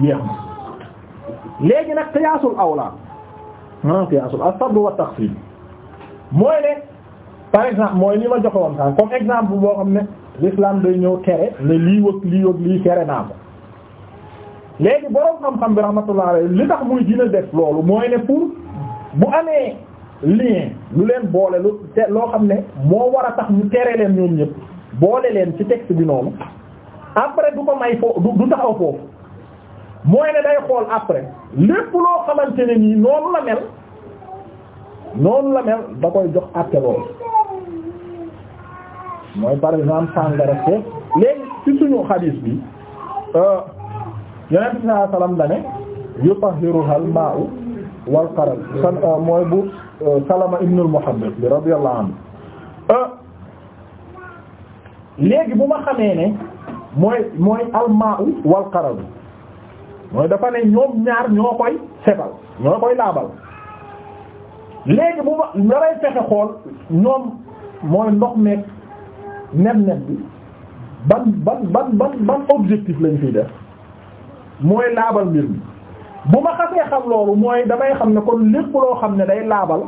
jeex na léegi nag qiyaasul awla maanaam qiyaasul as-sabr wa taxfiif mooy ne par exemple mooy li ma joxe woon sax comme exemple boo xam ne l'islam day ñëw tere ne lii wëg lii wëg lii tere naa ko léegi borom xam-xam bi rahmatullah li tax muy dina def loolu mooy ne pour bu amee lien lu leen boole lu te loo xam ne moo war a tax ñu tere leen ñoom ñëpp boole leen ci texte bi noonu après du ko may foofu du taxaw foofu mooy ne day xool après lépp loo xamante ne nii noonu la mel noonu la mel da koy jox àtte loolu mooy par exemple sàngara foofu léegi ci suñu xadiis bi yonent bi saa salaam da ne yutahhiruhal maa'u wal qaral san mooy bu Salama ibnul Muhabbab bi radiyallahu anhu léegi bu ma xamee ne mooy mooy al maa'u wal qaral mooy dafa ne ñoom ñaar ñoo koy setal ñoo koy laabal léegi bu ma daray fexe xool ñoom mooy ndox meeg neb-neb bi ban ban ban ban ban objectif lañ fiy def mooy laabal mbir mi bu ma xasee xam loolu mooy damay xam ne kon lépp loo xam ne day laabal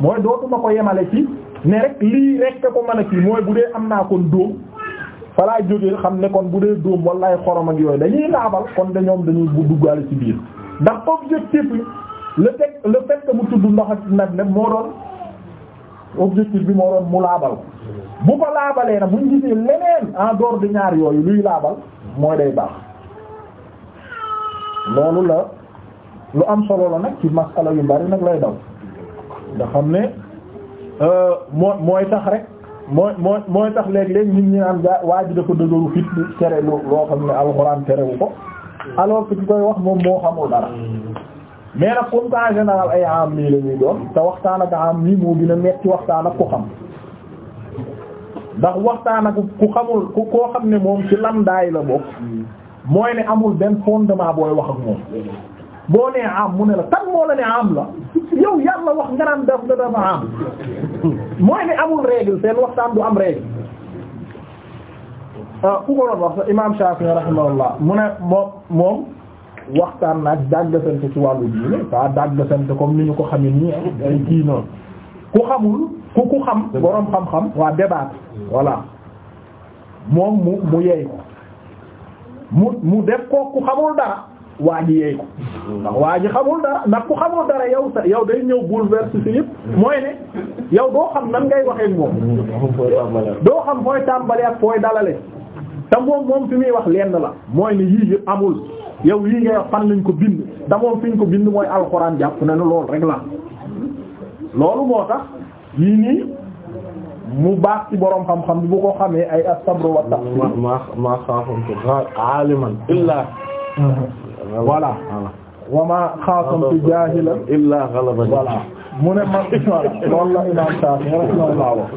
mooy dootuma ko yemale ci ne rek lii rek ko mën a kii mooy bu dee am naa kon dóom falaay jógee xam ne kon bu dee dóom wala ay xorom ak yooyu dañuy laabal kon de ñoom dañuy bu duggaale ci biir ndax objectif bi le fait le mu tudd ndox ak nag ne moo doon objectif bi moo doon mu laabal bu ko laabalee nag buñ gisee leneen en dehors ñaar yooyu luy laabal mooy day baax loolu la lu am solo la nag ci masala yu bari nag lay daw nga xam ne euh, moo mooy tax rek. mooy mooy mooy tax léeg-léeg nit ñi naan gaa waa ji dafa dëgëru fit tere loo xam ne alxuraan terewu ko alors que ki koy wax moom moo xamul dara mais nag comme que en ay am nii la doon te waxtaan ak am nii moo gën metti waxtaan ak ku xam ndax waxtaan ak ku xamul ku koo xam ne moom ci lam daay la bokk mooy ne amul benn fondement booy wax ak moom boo nee am mu ne la tan moo la ne am la yow yàlla wax nga naan daf da dafa am mooy ne amul règle seen waxtaan du am règle ah, ku ko doon wax sax imam Shafi'i rahimahullah mu ne moom moom waxtaan naag dàggasante ci wàllu diine pas dàggasante comme ni ñu ko xamee nii kii noonu ku xamul ku ku xam boroom xam-xam waa débat voilà moom mu yey mu def ko ku xamul dara waa ji yeey ko waa ji xamul dara ndax ku xamul dara yow day ñëw bouleverse ci yëpp mooy ne yow doo xam nan ngay waxee moom doo xam fooy tàmbale ak fooy dalale te moom moom fi muy wax lenn la mooy ne yii yëpp amul yow yii ngay wax fan lañ ko bind te moom fi ñu ko bind mooy alxuraan jàpp na ne loolu rek la loolu moo tax yii nii mu baax ci borom xam-xam bi bu ko xamee ay asabru wa taqwa ma ma xaafantu aliman illa mm-hmm. voilà wa ma xaasamtu jaahilan illaa ghalabani voilà mu ne man voilà loolu la imam Saafi rahimahullah wax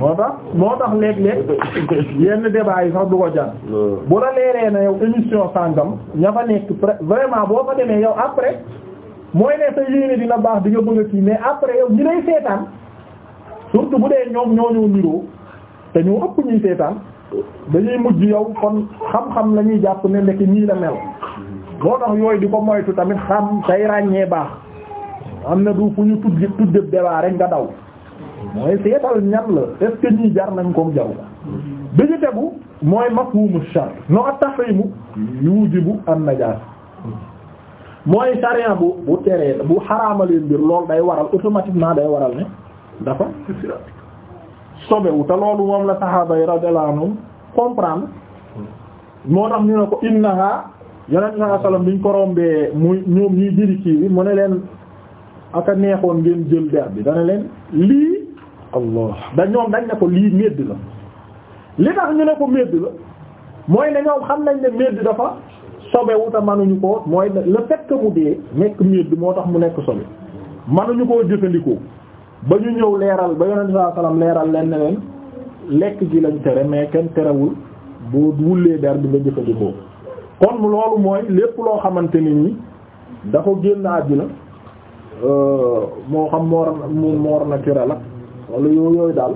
moo tax moo tax léeg-léeg yenn débat sax du ko jar hmm. bu la leeree na yow émission sàngam ña fa nekk vraiment boo fa demee yow après mooy ne sa yéene dina baax di nga bëgg a mais après yow ñi lay seetaan surtout bu dee ñoom ñoo ñëw te ñoo ëpp ñuy seetaan dañuy mujj yow kon xam-xam la jàpp ne nekk nii la mel moo tax yooyu di ko moytu tamit xam tay ràññee baax am na du fu ñu tudde tudde débat rek nga daw mooy seetal ñan la est ñii jar nañ koom jaru bi ñu tegu mooy mafhumu shar no at-tahrimu yujibu an-najas mooy sharia bu bu teree bu xaraamalee mbir loolu day waral automatiquement day waral ne dafa sobewu te loolu moom la saxaaba yi radiyallahu comprendre moo tax ñu ne ko innaha yonent sallallahu alayhi wasallam biñ ko rombee muy ñoom ñuy jëri kii bi mu ne leen a neexoon ngeen jël der bi dana leen lii allah da ñoom dañ ne ko lii médd la li tax ñu ne ko médd la mooy ne ñoom xam nañ ne médd dafa sobewuta manuñu ko mooy le fait que mu nekk médd moo tax mu nekk sobe manuñu ko jëfandikoo ba ñu ñëw leeral ba yonent saa salaam leeral leen ne leen lekk gi lañ tere mais kenn terewul boo wullee der bi nga jëfandikoo kon loolu mooy lépp loo xamante nit ñi dafa génn àddina euh, moo xam moor mu moor naturel la yooyu yooyu daal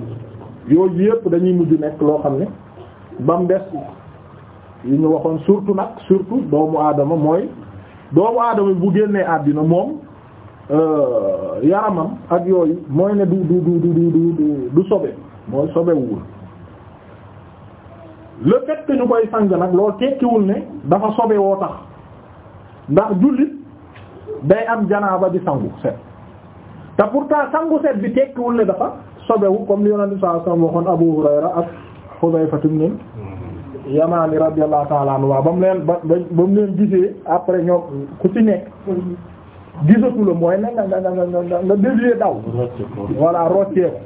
yooyu yépp dañuy mujj nekk loo xam ne ba mu des yu ñu waxoon surtout nag surtout doomu aadama mooy doomu aadama bu génnee àddina moom Euh, yaramam ak yooyu mooy ne du du du du du du sobe mooy sobewul le fait que ñu koy sang nag loolu tekkiwul ne dafa sobe tax ndax jullit day am janaaba di sangu set te pourtant sangu set bi tekkiwul ne dafa sobewu comme li yonent bi sallallahu alayhi Abu Hurayra ak Hudayfa ibn Yamaani radiyallahu ta'ala ba mu leen ba ba mu leen gisee après ñoom ku ci nekk gisatu la mooy na nga nga nga nga nga dévié daw. voilà roccee ko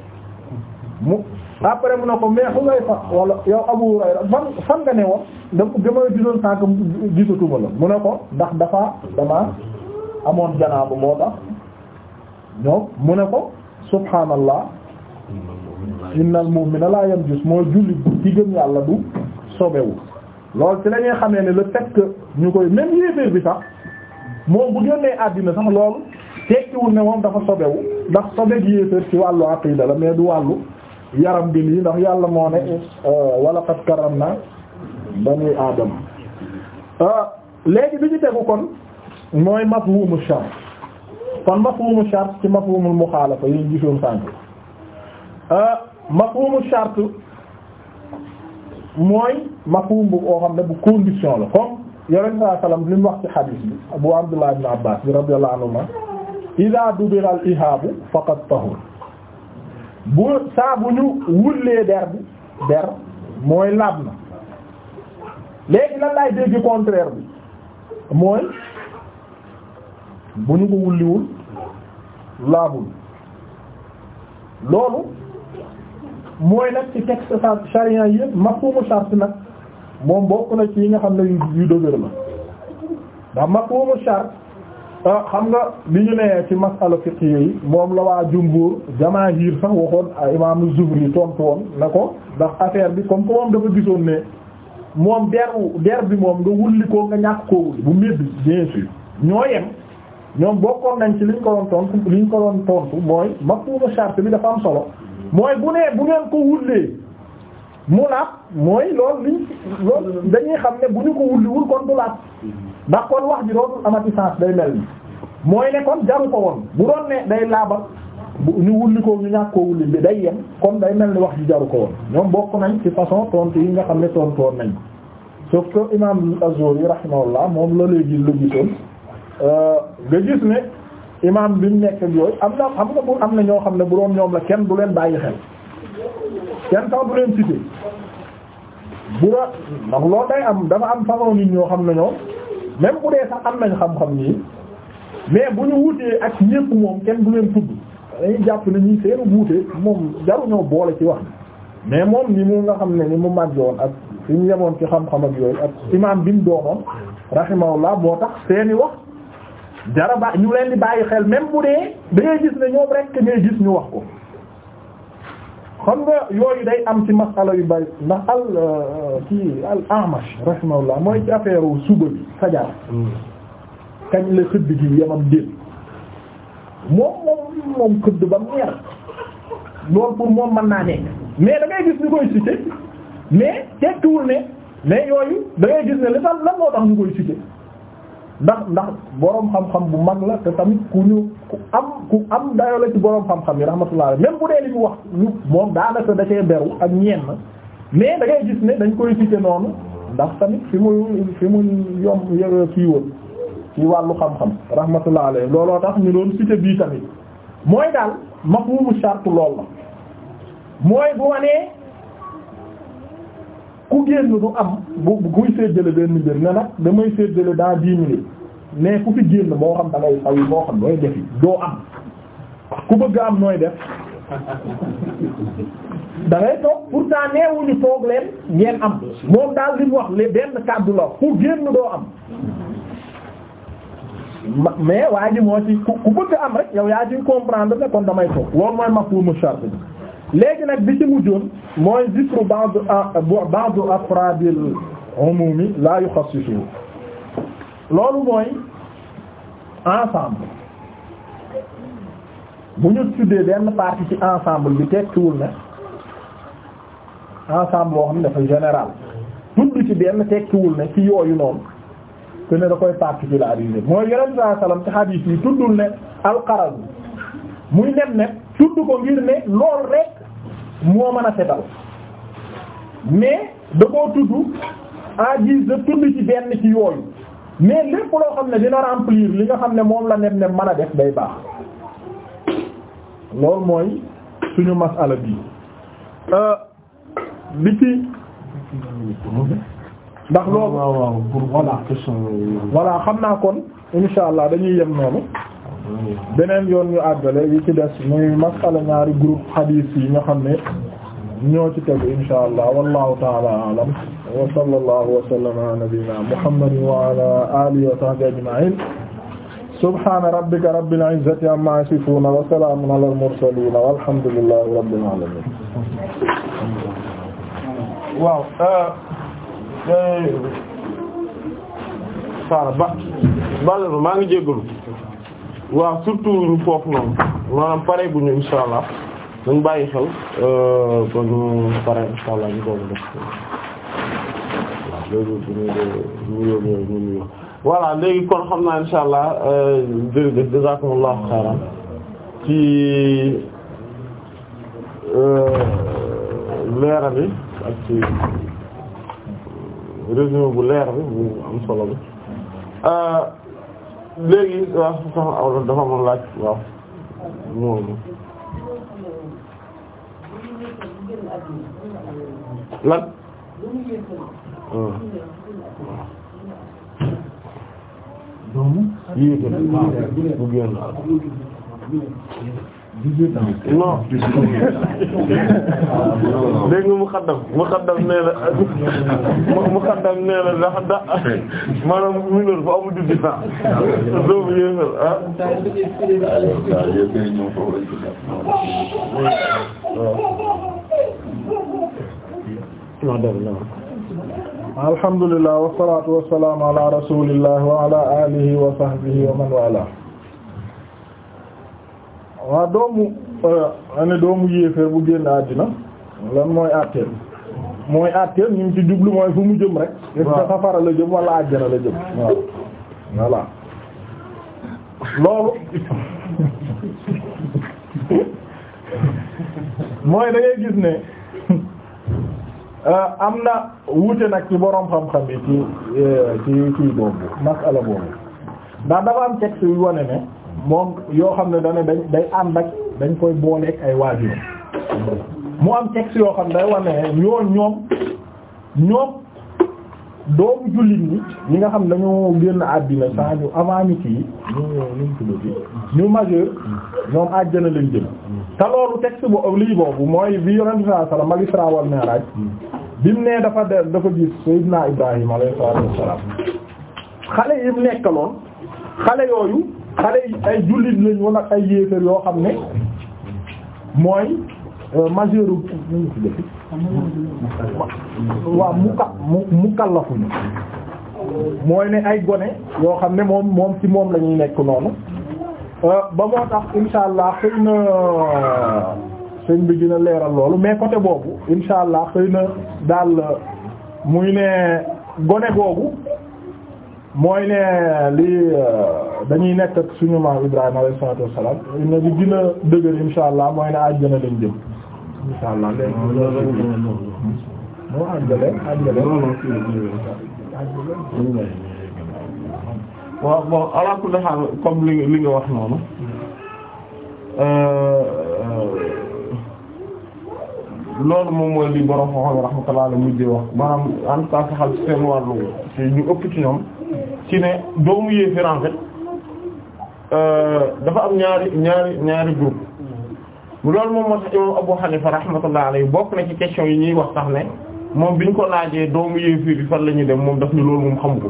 mu après mu ne ko mais Xudayfa wala yow Abu Hurayra fan fan nga ne woon da nga ma gisoon sànq gisatu ma la mu ne ko ndax dafa damaa amoon janaaba moo tax ñoom mu ne ko subhaanallah innal mu'mina la yanjus mooy julli ci gëm yàlla du sobewu loolu ci la ñuy xamee ne le fait que ñu koy même yéeféer bi sax. moom bu génnee àddina sax loolu tekkiwul ne moom dafa sobewu ndax sobeeg yéeféer ci wàllu aqida la mais du wàllu yaram bi lii ndax yàlla moo ne euh, wala qad karamna bani aadama euh, léegi bi ñu tegu kon mooy mafhumu shart kon mafhumu shart ci mafhumul muxaalafa yi ñu gisoon sànk euh, mafhumu shart mooy mafhum bu koo xam ne bu condition la comme yonent saa salaam li mu wax Abu Abdullah ibn Abbas bi radiyallahu anhuma idaa dubira al ihaabu faqad tahur bu saa bu ñu wullee der bi der mooy laab na léegi lan laay dégg contraire bi mooy bu ñu ko wulliwul laabul loolu mooy nag ci texte sa charian yëpp mafhumu shart nag moom bokk na ci yi nga xam ne yu dëgër la ndax mafhumu shart ah, xam nga bi ñu ne ci masala fiqh yi moom la waa jumbuur jamaahir sax waxoon ah, imaamu Zuhri tontu woon na ko ndax affaire bi comme que moom dafa gisoon ne moom deru der bi moom nga wulli ko nga ñàkk koo wulli bu métti bien sûr ñoo yem ñoom bokkoon nañ ci liñ ko doon tontu liñ ko doon tontu mooy mafhumu shart bi dafa am solo mooy bu nee bu ngeen ko wullee munaaf mooy loolu liñ loolu dañuy xam ne bu ñu ko wulliwul kon du laat ndax kon wax ji dootul amati sens day mel ni mooy ne kon jaru ko woon bu doon ne day laabal bu ñu wulli ko ñu ñàkk koo wulli bi day yem kon day mel ni wax ji jaru ko woon ñoom bokk nañ ci façon tontu yi nga xam ne tontoon nañ sauf que imam Az-Zuhri rahimahullah moom la léegi lu gisoon euh, nga gis ne imam bi mu nekk yooyu am na am na bu am na ñoo xam ne bu doon ñoom la kenn du leen bàyyi kenn sax du leen cité bu la ndax lool day am dafa am façon nit ñoo xam nañoo ñoom même bu dee sax am nañ xam-xam nii mais bu ñu wutee ak ñépp moom kenn du leen tudd dañuy jàpp ne ñuy seenu wuute moom jaruñoo boole ci wax mais moom ni mu nga xam ne ni mu màgg woon ak fi ñu yemoon ci xam-xam ak yooyu ak imaam bi mu doonoon rahimahullah moo tax seeni wax jara ba ñu leen di bàyyi xel même bu dee da gis ne ñoom rekk ngay gis ñu wax ko xam nga yooyu day am ci masala yu bari ndax al kii euh, al amash rahimahullah mooy ci affaire suba bi fajar hmm. kañ la xëdd gi yamam déet moom moom moom xëdd ba mu yar pour moom mën naa nekk mais da ngay gis ñu koy cité mais tekkiwul ne mais yooyu da ngay gis ne li tax lan moo tax ñu koy cité ndax ndax boroom xam-xam bu mag la te tamit ku ñu am ku am boroom la xam-xam yi rahmatullah même bu dee li ñu wax ñu moom daanaka da cee beru ak ñenn mais da ngay gis ne dañ koy cité noonu ndax tamit fi mu fi mu yom kii woon ci wàllu xam-xam rahmatullah alayhi looloo tax ñu doon cité bii tamit mooy daal mafhumu shart lool la mooy bu ma nee ku génn du am bu buy séddale benn mbir ne nag damay séddale dans dix minutes mais ku fi génn moo xam da ngay saw moo xam nooy def doo am ku bëgg am nooy def da ngay toog pourtant neewuñu toog leen ngeen am moom daal li mu wax le benn kàddu la ku génn doo am mais waa ji moo ci ku bëgg am rek yow yaa ci comprendre ne kon damay toog loolu mooy mafhumu shart bi léegi nag bi ci mujjoon mooy zikru ba'd ba'd afraadil umumi la yuxassisu loolu mooy ensemble bu ñu tuddee benn partie ci ensemble bi tekkiwul ne ensemble boo xam ne dafa général tudd ci benn tekkiwul ne ci yooyu noonu te ne da koy particulariser mooy yeneen saa salaam ci hadith yi tuddul ne al-Qaraz muy nem nem tudd ko ngir ne loolu rek moo mën a setal mais da koo tudd en guise de tudd ci benn ci yooyu mais lépp loo xam ne dina remplir li nga xam ne moom la nem nem mën a def day baax loolu mooy suñu masala bii bi euh, ci ndax loolu voilà voilà xam naa kon insha dañuy yem noonu beneen yoon ñu àggale yi ci des muy masala ñaari groupe hadith yi ñoo xam ne ñoo ci tegu insha allah wallahu taala alam wa sallallahu wa sallama ala nabiyyina muhammadin wa ala alihi wa sahbihi ajma'in subhana rabbika rabbil izzati amma yasifuna wa salamun ala al mursalin walhamdulillahi rabbil alamin waaw euh, euh, saara ba bal maa ngi jéggalu waaw surtout foofu noonu maanaam pare bu ñu insha allah dañ bàyyi xel euh, ba ñu pare insha allah ñu doon def waaw léegi bu ñu ñu ñu ñu voilà léegi kon xam naa insha allah euh, jërëjëf jazakumullahu xayran ci euh, leera bi ak ci leer am solo bi léegi waaw soxna dafa amoon laaj waaw ñooñu lan yéegal bu génn dix-huit ans non dégg nga muqaddam muqaddam nee na muqaddam nee na dafa da maanaam mineur fa amul dix-huit ans doomu yéefal ah alhamdulillah wassalatu wassalamu ala rasulillah wa ala alihi wa sahbihi wa man wala waaw doomu euh, ane doomu yéeféer bu génn àddina lan mooy àtteel mooy àtteel ñu ngi ci jublu mooy fu mu jëm rek est-ce que safara la jëm wala àjjana la jëm waaw voilà loolu mooy da gis ne euh, am na wuute nag ci boroom xam-xam yi ci euh, ci kii boobu masala boobu ndax dafa am texte yu wane ne moom yoo xam ne dana dañ day ànd ak dañ koy booleeg ay waajur mu am texte yoo xam ne day wane yoo ñoom ñoom doomu jullit ñi ñi nga xam dañoo génn àddina saa ñu amaa nit yi ñu ñu tuddati ñu majeur ñoom àjjana leen jëm te loolu texte bo lii boobu mooy bi yonente saa sallam magistra wal mi'raj bi mu nee dafa de dafa gis Seydina Ibrahima alayhi salaatu wassalaam xale yi mu nekkaloon xale yooyu xale ay jullit lañ woon ay yéefar yoo xam ne mooy euh, majeur mu mu mu kallafuñu mooy ne ay gone yoo xam ne moom moom ci moom la ñuy nekk noonu euh, ba moo tax insha allah xëy na sëñ bi dina leeral loolu mais côté boobu insha allah xëy na daal euh, muy ne gone googu mooy ne li euh, dañuy nekk suñu maam Ibrahima alayhi salaatu wassalaam ne li gën a dëgër insha allah mooy ne àjjana lañ jëm insha allah léegi moo àjjale comme li li nga wax noonu euh, euh, loolu moom mooy li borom xoxol rahmatullah la mujjee wax maanaam en tout cas saxal seen wàllu ci ñu ëpp ci ñoom ci ne doomu yéeféer en fait euh, dafa am ñaari ñaari ñaari groupe loolu moom moo tax imam Abu Hanifa rahmatullah alayhi bokk na ci question yi ñuy wax tax ne moom bi ñu ko laajee doomu yéeféer yi fan la ñuy dem moom daf ni loolu moom xamu ko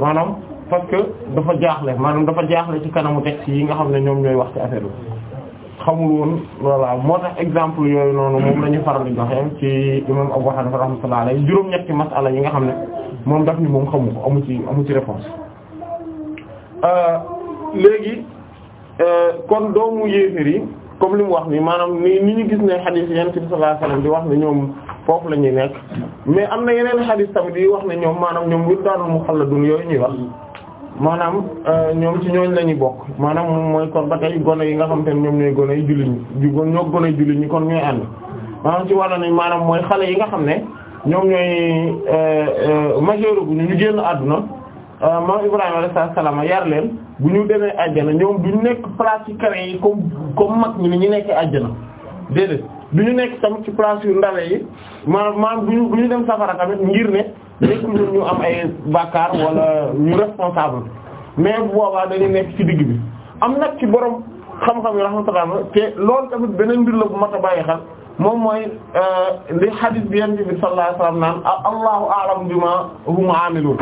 maanaam parce que dafa jaaxle maanaam dafa jaaxle ci kanamu texte yi nga xam ne ñoom ñooy wax ci affaire bi xamul woon voilà moo tax exemple yooyu noonu moom la ñu faral di joxe ci imam Abu Hanifa rahmatullah alayhi juróom-ñetti yi nga xam ne moom daf ni moom xamu ko amu ci amu ci réponse euh, léegi euh, kon doomu yéeféer yi comme li mu wax ni maanaam ni ni ñu gis ne xadis yent bi sallallahu alayhi di wax ne ñoom foofu la ñuy nekk mais am na yeneen xadis tamit yi wax ne ñoom maanaam ñoom wildaanul muxalladun yooyu ñuy wax maanaam euh, ñoom ci ñooñ lañuy bokk maanaam moom mooy kon ba tey gone yi nga xam te ne ñoom ñooy gone yi jullit ñi ñoo gone yi jullit ñi kon ñooy ànd maanaam ci wàllu nañ maanaam mooy xale yi nga xam ne ñoom ñooy euh, euh, majeur bu ñu ñu génn àdduna euh, moom Ibrahima alayhi salaam yar leen bu ñu demee àjjana ñoom du ñu nekk place yu kawe yi comme comme mag ñi ni ñu nekkee àjjana déedéet du ñu nekk tamit ci place yu ndawe yi maanaam maanaam du ñu du ñu dem safara tamit ngir ne nekk ñu ñu am ay bàkkaar wala ñu responsable mais bu boobaa dañuy nekk ci digg bi am nag ci borom xam-xam yi rahmatullah te loolu tamit beneen mbir la bu mat a bàyyi xel moom mooy euh, li hadith bi Yonent bi sallallahu alayhi wasallam naan allahu a'lamu bima hum aamiluun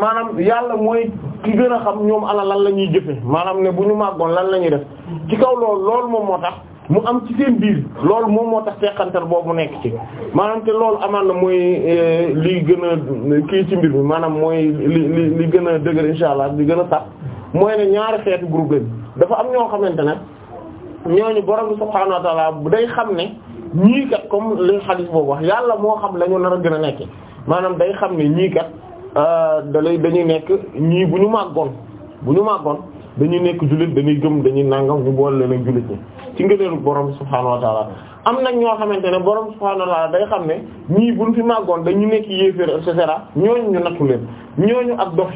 maanaam yàlla mooy ki gën a xam ñoom ana lan la ñuy jëfe maanaam ne bu ñu màggoon lan la ñuy def ci kaw loolu loolu moom moo tax mu am ci seen biir loolu moom moo tax teqantal boobu nekk ci maanaam te loolu amaan na mooy euh, li gën a kii ci mbir mi maanaam mooy li li li gën a dëgër insha allah gën a sax mooy ne ñaari xeetu groupe lañ dafa am ñoo xamante ne ñooñu borom bi subhaanahu wa ta'ala bu day xam ne ñii kat comme li xadis boobu wax yàlla moo xam la nar a gën a nekk maanaam day xam ne ñii kat euh, dalay dañuy nekk ñii bu ñu màggoon bu ñu màggoon dañu nekk jullit dañuy gëm dañuy nangam ñu bool leen ak jullit ñi ci ngëneelu borom subhaanahu wa am nag ñoo xamante ne borom subhaanahu wa ta'ala day xam ne ñii buñ fi màggoon dañu nekk yéeféer et cetera ñooñu ñu nattu leen ñooñu ak dof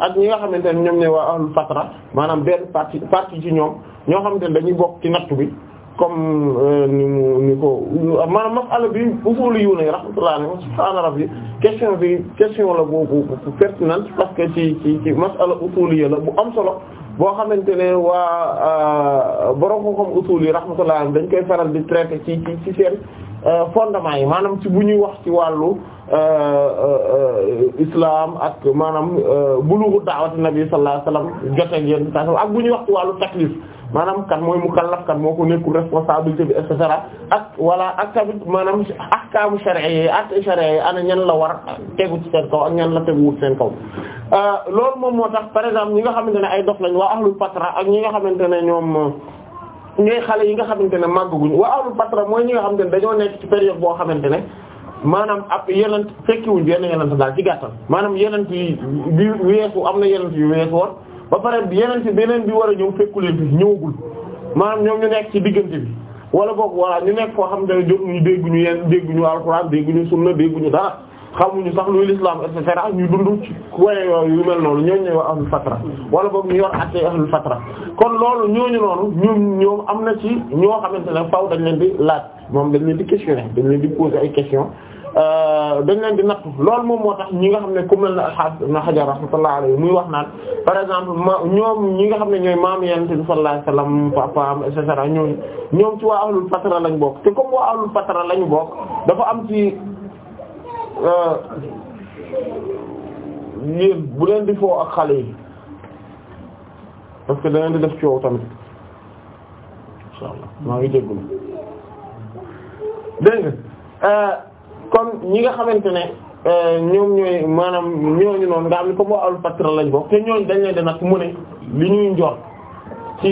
ak ñi nga xamante ne ñoom ne waa ahlul maanaam benn partie partie ci ñoom ñoo xamante ne dañuy bokk ci natt bi comme euh, ni mu ni ko maanaam masala bi usul yu ne rahmatullah alayhi subhaana rabbi question bi question la bu bu pertinente parce que ci ci ci masala usul yi la bu am solo boo xamante ne waa euh, borom xam-xam usul yi rahmatullah dañ koy faral di traité ci ci ci seen euh, fondement yi maanaam ci bu ñuy wax ci wàllu islam ak maanaam bulughu da'wat nabi sallallahu alayhi wasallam jote ak yéen ak bu ñuy wax ci wàllu taklif maanaam kan mooy mukallaf kan moo ko nekkul responsabilité bi et cetera ak voilà ak tamit maanaam ak ahkaamu shar'iyya atte shar'iyya ana ñan la war tegu ci seen kaw ak ñan la teguwul seen kaw euh, loolu moom moo tax par exemple ñi nga xamante ne ay dof nañ waa ahlul patra ak ñi nga xamante ne ñoom ñooy xale yi nga xamante ne màgguñ waa ahlul patra mooy ñi nga xamante ne dañoo nekk ci boo xamante ne maanaam ab yenent fekkiwuñ benn yenent daal ci gàttal maanaam yenent am na yenent yu weesu ba pare yeneen ci beneen bi war a ñëw fekku leen fi ñëwagul maanaam ñoom ñu nekk ci diggante bi wala boog wala ñu nekk koo xam ne jotuñu dégguñu yenn dégguñu alxuraan dégguñu sunna dégguñu dara xamuñu sax luy lislaam et cetera ñu dund ci waaye yooyu yu mel noonu ñooñu ñooy wax ahlul fatra wala boog ñu yor àttee kon loolu ñooñu noonu ñoom ñoom am na ci ñoo xamante ne faaw dañ leen di laaj moom dañ leen di questionner dañ leen di poser ay question Euh, dañ leen di nattu lool moom moo tax ñi nga xam ne ku mel ne alxaafis ibn Hajar rahmatullahi alayhi muy wax naan par exemple ma ñoom ñi nga xam ne ñooy maam Yonent bi sallallahu alayhi wasallam papaam et cetera ñooñu ñoom ci waa ahlul fatra lañ bokk te comme waa ahlul fatra lañu bokk dafa am ci euh, yéen bu leen di foo ak xale yi parce que da di def coow tamit inshallah maa ngi jéggul dégg euh, kon ñi nga xamante ne euh, ñoom ñooy maanaam ñooñu noonu nga xam ne comme waa al fatra lañ bokk te ñooñu dañ leen nag mu ne li ñuy njort ci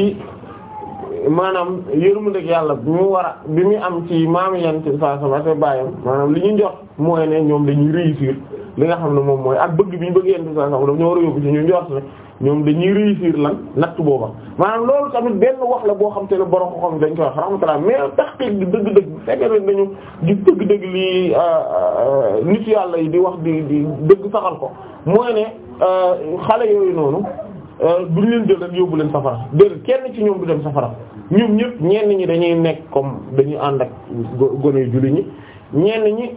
maanaam yërmandeeg yàlla bi mu war a bi muy am ci maam yan ci saa sama te bàyyam maanaam li ñuy njort mooy ne ñoom dañuy réussir li nga xam ne moom mooy ak bëgg bi ñu bëgg yan ci saa sama daf ñoo war a yóbbu ci ñu njort ne ñoom dañuy réussir lan natt booba maanaam loolu tamit benn wax la boo xam te ne borom xam dañ koy wax rahmatullah mais taxqiq gi dëgg-dëgg bu fekkee ne dañu di dëgg-dëgg lii euh, euh, nit yàlla yi di wax di di dëgg saxal ko mooy ne euh, xale yooyu noonu duñ leen jël yóbbu leen safara dégg kenn ci ñoom du dem safara ñoom ñëpp ñenn ñi dañuy nekk comme dañuy ànd ak gone yu julli ñi. ñenn ñi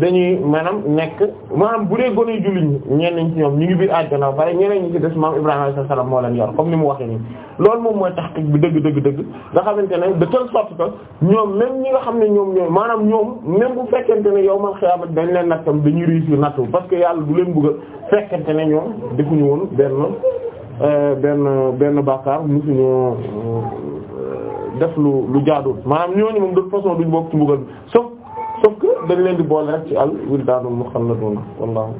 dañuy maanaam nekk maanaam bu dee gone jullit ñi ñenn ñi ci ñoom ñu ngi biir àjjana ba pare ñeneen ñi ci des maam Ibrahima alayhi salaam moo leen yor comme ni mu waxee nii. loolu moom mooy taxqiq bi dëgg dëgg dëgg nga xamante ne de telle sorte ñoom même ñi nga xam ne ñoom ñoom maanaam ñoom même bu fekkente ne yawmal xiyaama dañ leen nattam dañuy réussir nattu parce que yàlla du leen bëgg a fekkente ne ñoom defuñu woon benn euh, benn benn bàkkaar musuñu euh, def lu lu jaadul maanaam ñooñu moom de sauf que di boole rek ci al wildaanu muxalladun wallahu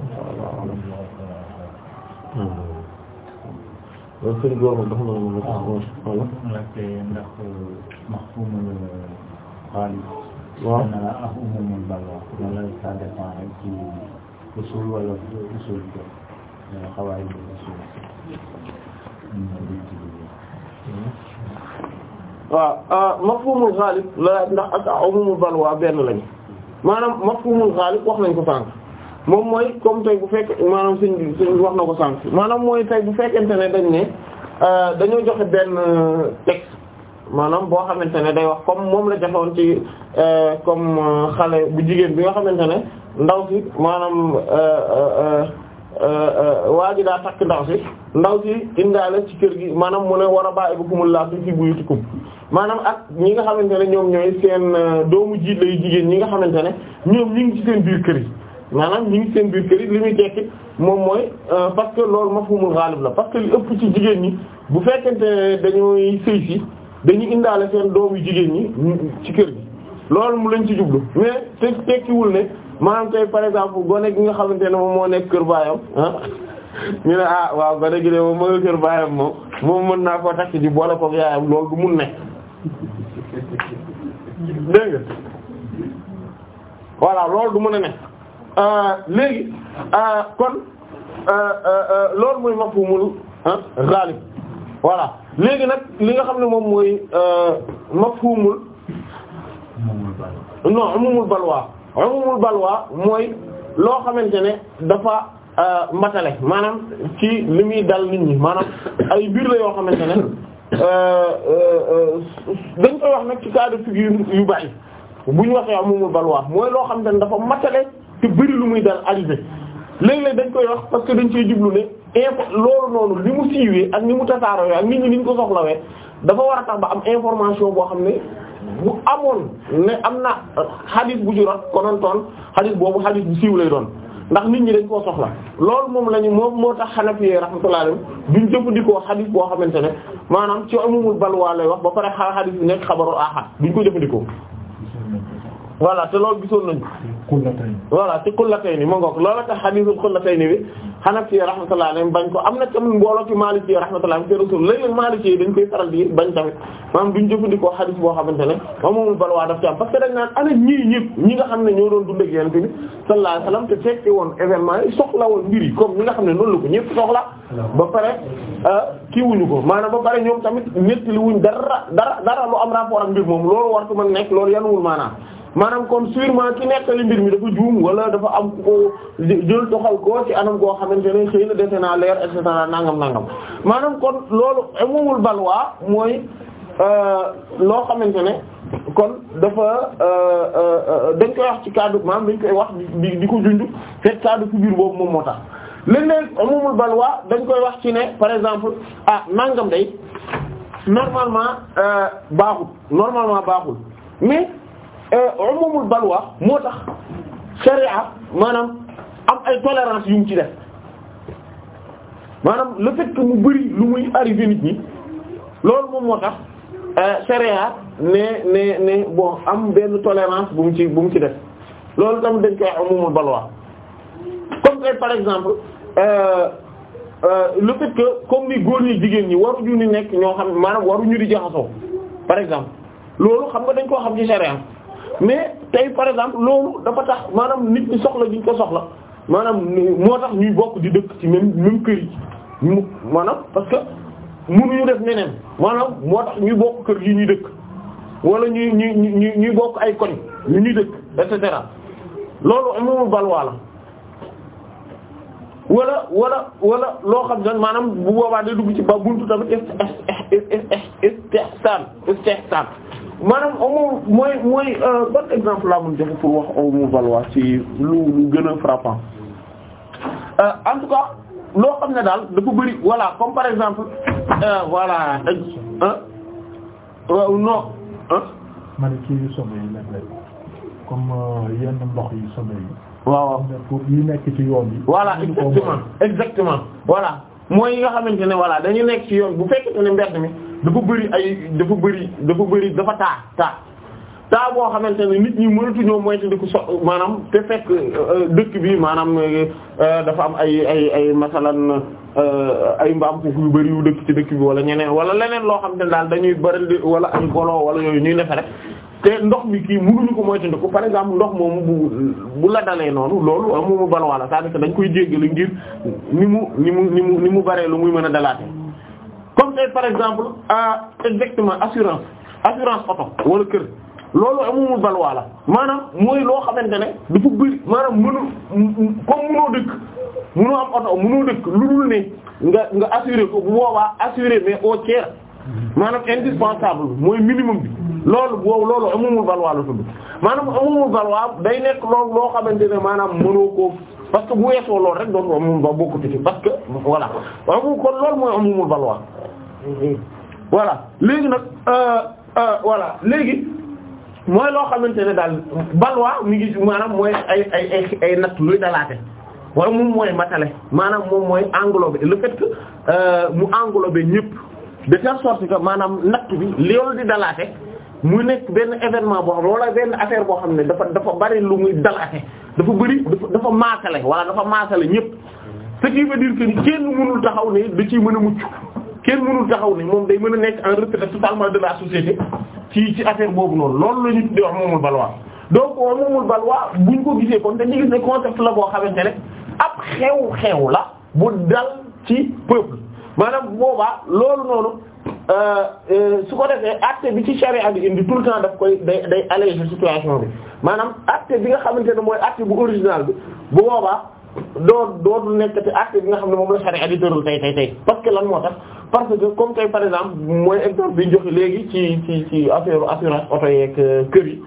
loolu sëñ bi waxoon dafa mel ni dafa mel ni. na ak umumul balaa. wala ça dépend rek maanaam mafhumul xaalib wax nañ ko sànq moom mooy comme tey bu fekk maanaam sëñ bi wax na ko sànq maanaam mooy tey bu fekkente ne dañ ne euh, dañoo joxe benn euh, texte maanaam boo xamante ne day wax comme moom la joxoon ci euh, comme xale bu jigéen bi yoo xamante ne ndaw si maanaam. Euh, euh, waa ji daa takk ndaw si ndaw si indaale ci kër gi maanaam mu ne war a bàyyi ba kumul laa fi buyutikum maanaam ak ñi nga xamante ne ñoom ñooy seen euh, doomu jiit lay jigéen ñi nga xamante ne ñoom ñu ngi ci seen biir kër yi maanaam ñu ngi seen biir kër yi li muy tekki moom mooy parce que loolu mafhumul ghalib la parce que li ëpp ci jigéen ñi bu fekkente ne dañooy sëy si dañuy indaale seen doomu jigéen ñi ci kër gi loolu mu lañ ci jublu mais te tekkiwul ne maanaam koy par exemple gone gi nga xamante ne moom moo nekk kër baayam ah, ne ah waaw gone gi de moom moom mën naa koo takk ji boole ko yaayam loolu du mun ne dégg nga loolu du mën na ne euh, léegi euh, kon euh, loolu mooy mafhumul ah, ghalib voilà léegi nag li nga xam ne moom mooy mafhumul non amumul balwa umumul balwa mooy loo xamante ne dafa euh, matale maanaam ci li muy dal nit ñi maanaam ay mbir la yoo xamante ne euh, euh, dañ koy wax nag ci cas de figure yu bari bu ñu waxee umumul balwa mooy loo xamante ne dafa matale te bëri lu muy dal arrivé léeg-léeg dañ koy wax parce que dañ cee jublu ne info loolu noonu li mu siiwee ak ni mu tasaaroo ak nit ñi ni ñu ko soxlawee dafa war a tax ba am information boo xam ne bu amoon ne am na xadis bu jurat konontoon xadis boobu xadis bu siiw lay doon ndax nit ñi dañ koo soxla loolu moom lañu moom moo tax Hanafi yi rahmatullahi alayhim duñ jëfandikoo xadis boo xamante ne maanaam ci amumul balwaa lay wax ba pare xadis bi nekk xabaru ahad duñ ko jëfandikoo voilà te loolu gisoon nañu xullatayni voilà ci xullatayni ma ngoog loola tax xadiisul xullatayni bi Hanafi rahmatullahi alayhi bañ ko am na tamit mbooloo ci Maliki rahmatullahi bañ tamit maanaam duñ jëfandikoo xadiis boo xamante ne amamul balwaa daf ci am parce que dañ naan ana ñii ñëpp ñi nga xam ne ñoo doon dund ak Yonent bi sallallahu woon événement comme ñi nga xam ne noonu la ko ñëpp soxla ba pare euh, kii ko maanaam ba pare ñoom tamit nettali wuñ dara dara dara lu am rapport ak mbir moom loolu wartu mën nekk loolu yanuwul maanaam maanaam kon sûrement ki nekkali mbir mi dafa juum wala dafa am ko jël doxal koo ci anam goo xamante ne xëy na dese naa leer et cetera nangam nangam maanaam kon loolu amumul waa mooy euh, loo xamante ne kon dafa euh, euh, dañ koy wax ci kaddu maanaam dañ koy wax di di ko junj fekk kaddu ci biir boobu moom moo tax léeg-léeg amumul waa dañ koy wax ci ne par exemple ah nangam day normalement baaxul normalement baaxul mais. Euh, umumul balwa moo tax sharia maanaam am ay tolérance yu ci def maanaam le fait que mu bari lu muy arrivé nit ñi loolu moom moo tax euh, sharia ne ne ne bon am benn tolérance bu mu ci bu mu ci def loolu tamit dañ koy umumul balwa comme que par exemple euh, euh, le fait que comme ni góor ñi jigéen ñi waruñu ni nekk ñoo xam maanaam waruñu di jaxasoo par exemple loolu xam nga dañ koo xam ci sharia mais tey par exemple loolu dafa tax maanaam nit ñi soxla ñu ko soxla maanaam moo tax ñuy bokk di dëkk ci même même kër yi mu maanaam parce que mënuñu def meneen maanaam moo tax ñuy bokk kër yi ñuy dëkk wala ñuy ñuy ñuy ñuy bokk ay koñ ñu ñuy dëkk et cetera loolu amul balwaa la wala walla loo xam ne maanaam bu boobaa day dugg ci ba buntu tamit istihsaan istihsaan maanaam amoo mooy mooy euh, ban exemple laa mun joxe pour wax amu valoir ci lu lu gën a frappant euh, en tout cas loo xam ne daal dafa bëri voilà comme par exemple euh, voilà waaw non ma ne kii yu sobe yi léeg-léeg comme yenn ndox yu sobe yi waaw pour yi nekk ci yoon bi voilà exactement exactement voilà mooy yi nga xamante ne voilà dañu nekk ci yoon bu fekkente ne mbedd mi dafa bëri ay dafa bëri dafa bëri dafa taa taa taa boo xamante ne nit ñi mënatuñoo moytandiku so maanaam te fekk euh, dëkk bi maanaam euh, dafa am ay ay ay masalan ay mbaam xuux yu bari yu dëkk ci dëkk bi wala ñeneen wala leneen loo xam ne daal dañuy bari di wala ay golo wala yooyu ñuy nefe rek te ndox mi kii mënuñu ko moytandiku par exemple ndox moomu bu bu la dalee noonu loolu am mu balwaala cest à koy jéggale ngir ni mu ni mu ni mu ni mu baree lu muy mën a dalaate comme tey par exemple à ah, exactement assurance assurance oto wala kër loolu amumul balwaala maanaam mooy loo xamante ne dafa bëri maanaam mënu mënoo am oto mënoo dëkk lu dul ne nga nga assuré ko bu boobaa assuré mais au tiers maanaam indispensable mooy minimum bi loolu boobu loolu amumul balwaa la tudd maanaam amumul balwaa day nekk loolu loo xamante ne maanaam mënoo koo parce que bu weesoo lool rek dootu amumul ba bokkut ci parce que voilà amul kon loolu mooy amumul balwaa voilà léegi nag wala euh, euh, léegi mooy loo xamante ne daal balwaa mi ngi maanaam mooy ay ay ay ay natt luy waaye moom mooy matale maanaam moom mooy englober le fait que euh, mu englober ñëpp de telle sorte que maanaam natt bi loolu di dalaate muy nekk benn événement boo xam wala benn affaire boo xam ne dafa dafa bari lu muy dalaate dafa bëri dafa dafa maasale wala dafa maasale ñëpp ce qui veut dire que kenn mënul taxaw ne da ciy mën a mucc kenn mënul taxaw ne moom day mën a nekk en retrait totalement de la société ci ci affaire boobu noonu loolu la ñu di wax moomul balwaa donc moomul balwaa buñ ko gisee kon dañuy gis ne concept la boo xamante ne ab xew-xew la bu dal ci peuple maanaam boobaa loolu noonu euh, euh, su ko defee acte bi ci charia bi indi tout le temps daf koy day day alléger situation bi maanaam acte bi nga xamante ne mooy acte bu original bi bu boobaa doo doo nekkati bi nga xam ne moom la charia di tëral tey tey tey parce que lan moo tax parce que comme tey par exemple mooy exemple bi joxe léegi ci ci ci affaire assurance oto yeeg euh, kër yi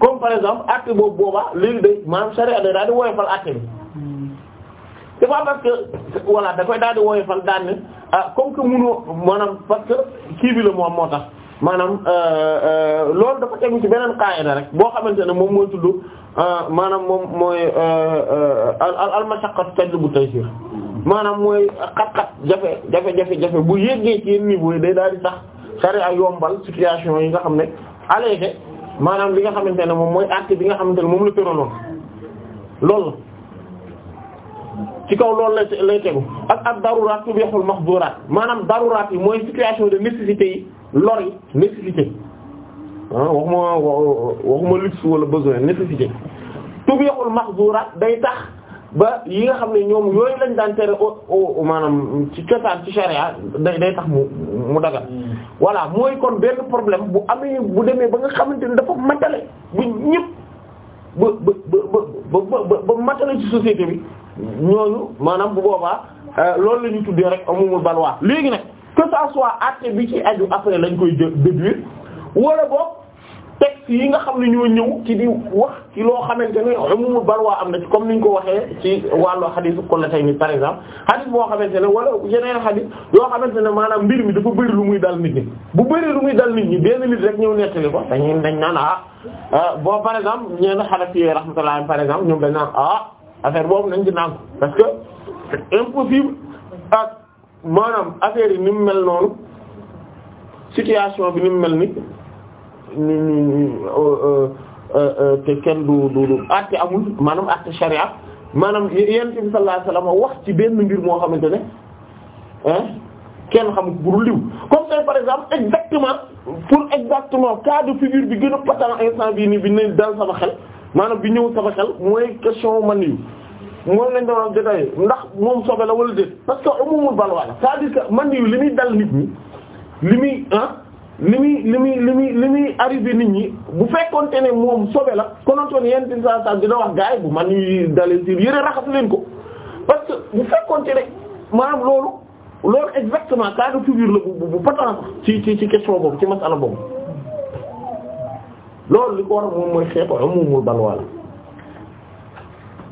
comme par exemple acte boobu boobaa léegi day maanaam charia day daal di woyofal acte bi c'est pas parce que voilà da koy daal di woyofal daan ne ah comme que munoo maanaam parce que kii bi la moom moo tax maanaam euh, euh, loolu dafa tegu ci beneen na rek boo xamante ne moom mooy tudd euh, maanaam moom mooy al al mashaqqatu tajlibu taysir maanaam mooy xat-xat jafe jafe-jafe jafe bu yéegee ci yenn niveau yi day daal di tax sariya yombal situation yi nga xam ne allégé maanaam li nga xamante ne moom mooy acte bi nga xamante ne moom la tëraloon loolu. ci kaw loolu lay lay tegu ak ak daruraat tubihul mahduraat maanaam daruraat yi mooy situation de nécessité yi lor yi nécessité ah waxuma waxuma luxe wala besoin nécessité tubihul mahduraat day tax ba yi nga xam ne ñoom yooyu lañ daan tere o maanaam ci cosaan ci charia day day tax mu mu dagal hmm. voilà mooy kon benn problème bu amee bu demee ba nga xamante ne dafa matale bu ñëpp ba ba ba ba ba matale ci société bi ñooñu maanaam bu boobaa euh, loolu la ñu tuddee rek amumul balwaa léegi nag que ça soit acte bi ci aju après lañ koy déduire wala boog texte yi nga xam ne ñoo ñëw ci di wax ci loo xamante ne amumul balwaa am na ci comme ñu ko waxee ci wàllu xadiis kon la tey ni par exemple xadiis boo xamante ne wala yeneen xadiis yoo xamante ne maanaam mbir mi dafa bëri lu muy dal nit ñi bu bëri lu muy dal nit ñi benn nit rek ñëw nettali ko dañuy dañ naan ah euh, boo par exemple ñeen xanafiyee rahmatullah par exemple ñoom dañ naan ah affaire boobu nañ ci naan parce que impossible maanaam affaire yi ni mel noonu situation bi ni mel ni euh, euh, euh, kenn du du du àtte amul maanaam àtte sharia maanaam yonent bi sallallahu alayhi wax ci benn mbir moo xamante ne kenn xam budul liw comme tey par exemple exactement pour exactement cas figure bi gën a patant instant bii nii bi ne dal sama xel maanaam bi ñëw sama xel mooy question man yu moom lañ doon détaillé ndax moom sobe la wala déet parce que umumul balwa la c'est-à-dire que man yu li muy dal nit ñi li muy ah li muy li muy li muy li muy arrivé nit ñi bu fekkonte ne moom sobe la konontoon yenn ti sa sa dina wax gaay bu man yu dalee si yëre raxas leen ko parce que bu fekkonte ne maanaam loolu loolu exactement cas de figure la bu bu potence ci ci ci question boobu ci masala boobu loolu lu ko war a moom mooy xeetu umumul balwa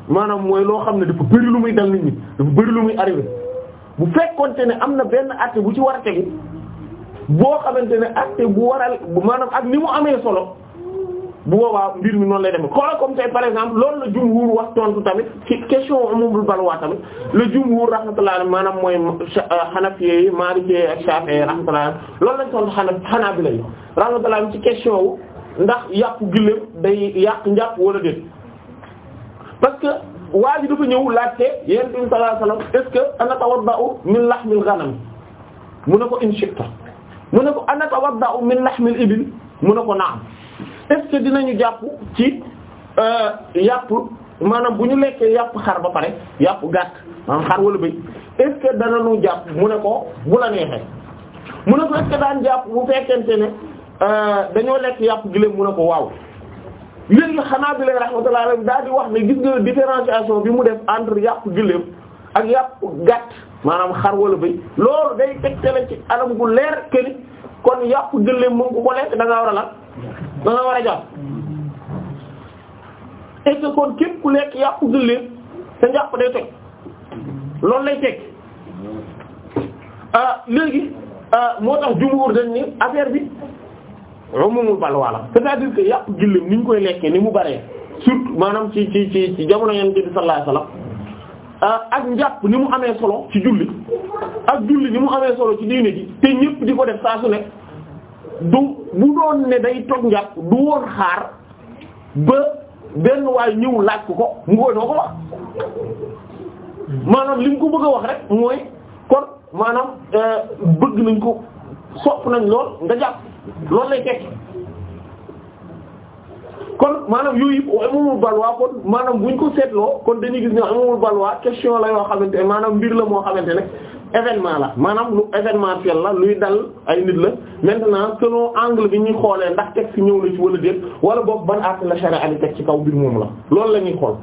maanaam mooy loo xam ne dafa bëri lu muy dal nit ñi dafa bëri lu muy arrivé bu fekkonte ne am na benn acte bu ci war a tegu boo xamante ne acte bu waral maanaam ak ni mu amee solo bu boobaa mbir mi noonu lay demee xoola comme tey par exemple loolu la jumhur wax tontu tamit ci question umumul balwa tamit la jumhur rahmatullah maanaam mooy euh, Hanafiyye Malikiyye ak Shafi'i rahmatullah loolu lañ tontu Hanabila yi rahmatullah ci question ndax yàqu gilléem day yàq njàpp wala déet parce que waa ji dafa ñëw laajte yéen bi sallallahu alayhi wasallam est-ce que ana tawadda'u lahmil ghanam mu ne ko in mu ne ko ana tawadda'u min lahmil ibil mu ne ko naam est dinañu jàpp ci euh, yàpp maanaam bu ñu lekkee yàpp xar ba pare yàpp gàtt maanaam xar wala bëy est-ce jàpp mu ne ko bu la neexee mu ne ko est daan jàpp bu fekkente ne Euh, dañoo lekk yàpp giléem mu ne ko waaw léegi xanaa bi lay rahmatullah alayhi daal di wax ne gis nga différenciation bi mu def entre yàpp giléem ak yàpp gàtt maanaam xar wala bëy loolu day tegtale ci anam gu leer këni kon yàpp giléem mu ko ko lekk da war a la da war a jàpp et que kon képp ku lekk yàpp giléem sa njàpp day toj loolu lay teg euh, léegi euh, moo tax jumhur dañ ni affaire bi umumul balwa la c'est-à-dire que yàpp gillam ni ñu koy lekkee ni mu baree surtout maanaam ci ci ci ci jamono yonent bi sallallahu alayhi wasallam ah, ak njàpp ni mu amee solo ci julli ak julli ni mu amee solo ci diine ji te ñëpp di ko def saa su ne du bu doon ne day toog njàpp du woon xaar ba benn waay ñëw laaj ko mu koy doo ko wax maanaam li mu ko bëgg a wax rek mooy kon maanaam euh, bëgg nañ ko sopp nañ lool nga jàpp loolu lay tekki kon maanaam yooyu amamul balwa kon maanaam buñ ko seetloo kon dañuy gis ne amamul waa question la yoo xamante ne maanaam mbir la moo xamante ne événement la maanaam lu événementiel la luy dal ay nit la maintenant selon angle bi ñuy xoolee ndax teg ci ñëw na ci wala déet wala boog ban àtt la charia di teg ci kaw mbir moom la loolu la ñuy xool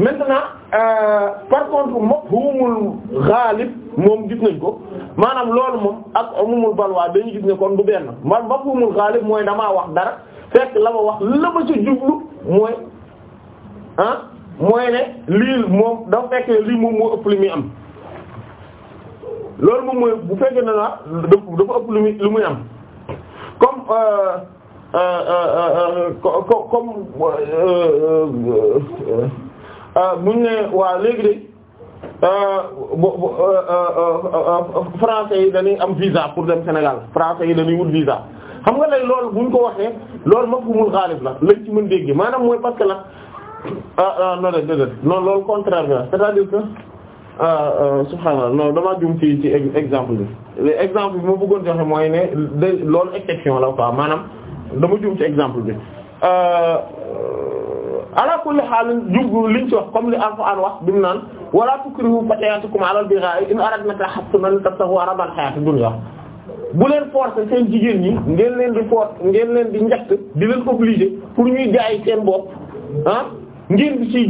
maintenant euh, par contre mafhumul ghalib moom gis nañ ko maanaam loolu moom ak umumul balwaa dañu gis ne kon du benn man mafhumul ghalib mooy damaa wax dara fekk la ma wax la ma ci jublu mooy ah mooy ne lii moom dafa fekk lii moom moo ëpp li muy am loolu moom mooy bu fekkee ne la dafa ëpp lu muy lu muy am comme comme mu euh, ne waa léegi de euh, euh, français yi dañuy am visa pour dem Sénégal français yi dañuy wut visa xam nga lay loolu buñ ko waxee loolu mafhumul ghalib la lañ ci mën dégg maanaam mooy parce que la ah, ah non non non non loolu contraire bi la c'est-à-dire que ah, subhaanallah jum ci ci exemple bi exemple bi ma bëggoon joxe mooy ne de loolu exception la quoi maanaam dama jum ci exemple bi. ala kulli xaal jublu liñ ci wax comme li alquran wax bi mu naan wala tukrihu fatiyatukum ala al-bigha'i in aradna tahassunan li tabtaghu arada al-hayati dunya bu leen forcer seen jigéen ñi ngeen leen di for ngeen leen di njëkk di leen obliger pour ñuy jaay seen bopp ah ngeen di ci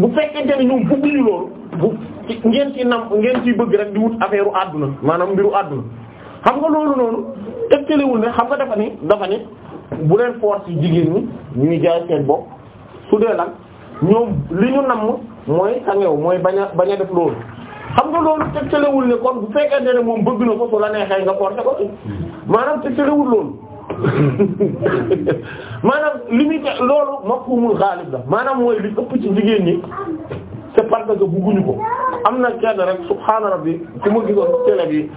bu fekkente ñu ñoom bëgguñu loolu bu ngeen ci nam ngeen ciy bëgg rek di wut affaire u àdduna maanaam mbiru àdduna xam nga loolu noonu tegtalewul ne xam nga dafa ni dafa bu leen forcer jigéen ñi ñuy jaay seen bopp. su dee nag ñoom li ñu namm mooy sangew mooy bañ a bañ a def loolu xam nga loolu tegtalewul ne kon bu fekkente ne moom bëgg na ko su la neexee nga porté ko maanaam tegtalewul loolu maanaam li lool loolu mafhumul xaalib la maanaam mooy li ëpp ci jigéen ñi c'est parce que bëgguñu ko am na kenn rek subhaana rabbi ku ma gisoon télé bi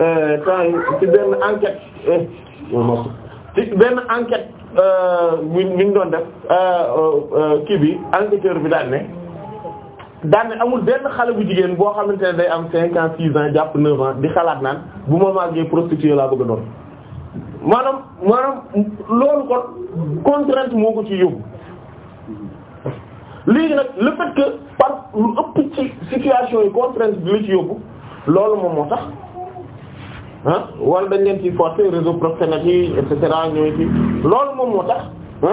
euh, temps ci benn enquête euh, ci benn enquête euh, bu ñu doon def euh, euh, kii bi enquêteur bi daan ne daan amul benn xale bu jigéen boo xamante ne day am cinquante ans six ans jàpp neuf ans di xalaat naan bu ma màggee prostituée laa bëgg a doon maanaam maanaam loolu kon contrainte moo ko ci yóbbu léegi nag le fait par lu ëpp ci situation yi contrainte bi la ci yóbbu loolu moom moo tax ah wala dañ leen ci forcer réseau proxénète yi et cetera ñooy ci loolu moom moo tax euh,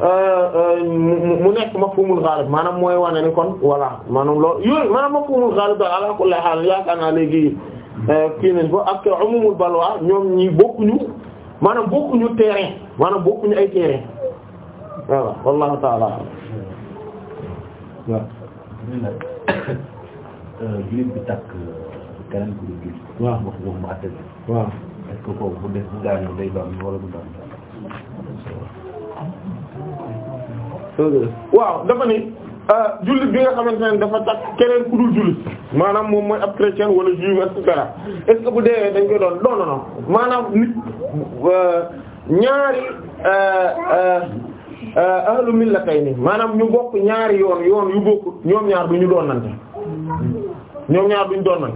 euh, mu nekk mafhumul ghalib maanaam mooy wane ni kon voilà maanaam loolu yooyu maanaam mafhumul ghalib daal ala kulli haal yaakaar naa léegi euh, kii nañ ko ak umumul balwa ñoom ñi bokkuñu maanaam bokkuñu terrain maanaam bokkuñu ay terrain voilà wallahu ta'ala waaw. jullit bi takk keneen ku dul jullit waaw wax nga bu def gaañoo dafa ni euh, jullit bi nga xamante ne dafa takk keneen ku dul jullit maanaam moom mooy ap chrétien wala juif et cetera est-ce que bu deewee dañ koy doon non non non maanaam nit euh, ñaari euh, ahlu millatayni maanaam ñu bokk ñaari yoon yoon yu bokk ñu doon nante ñoom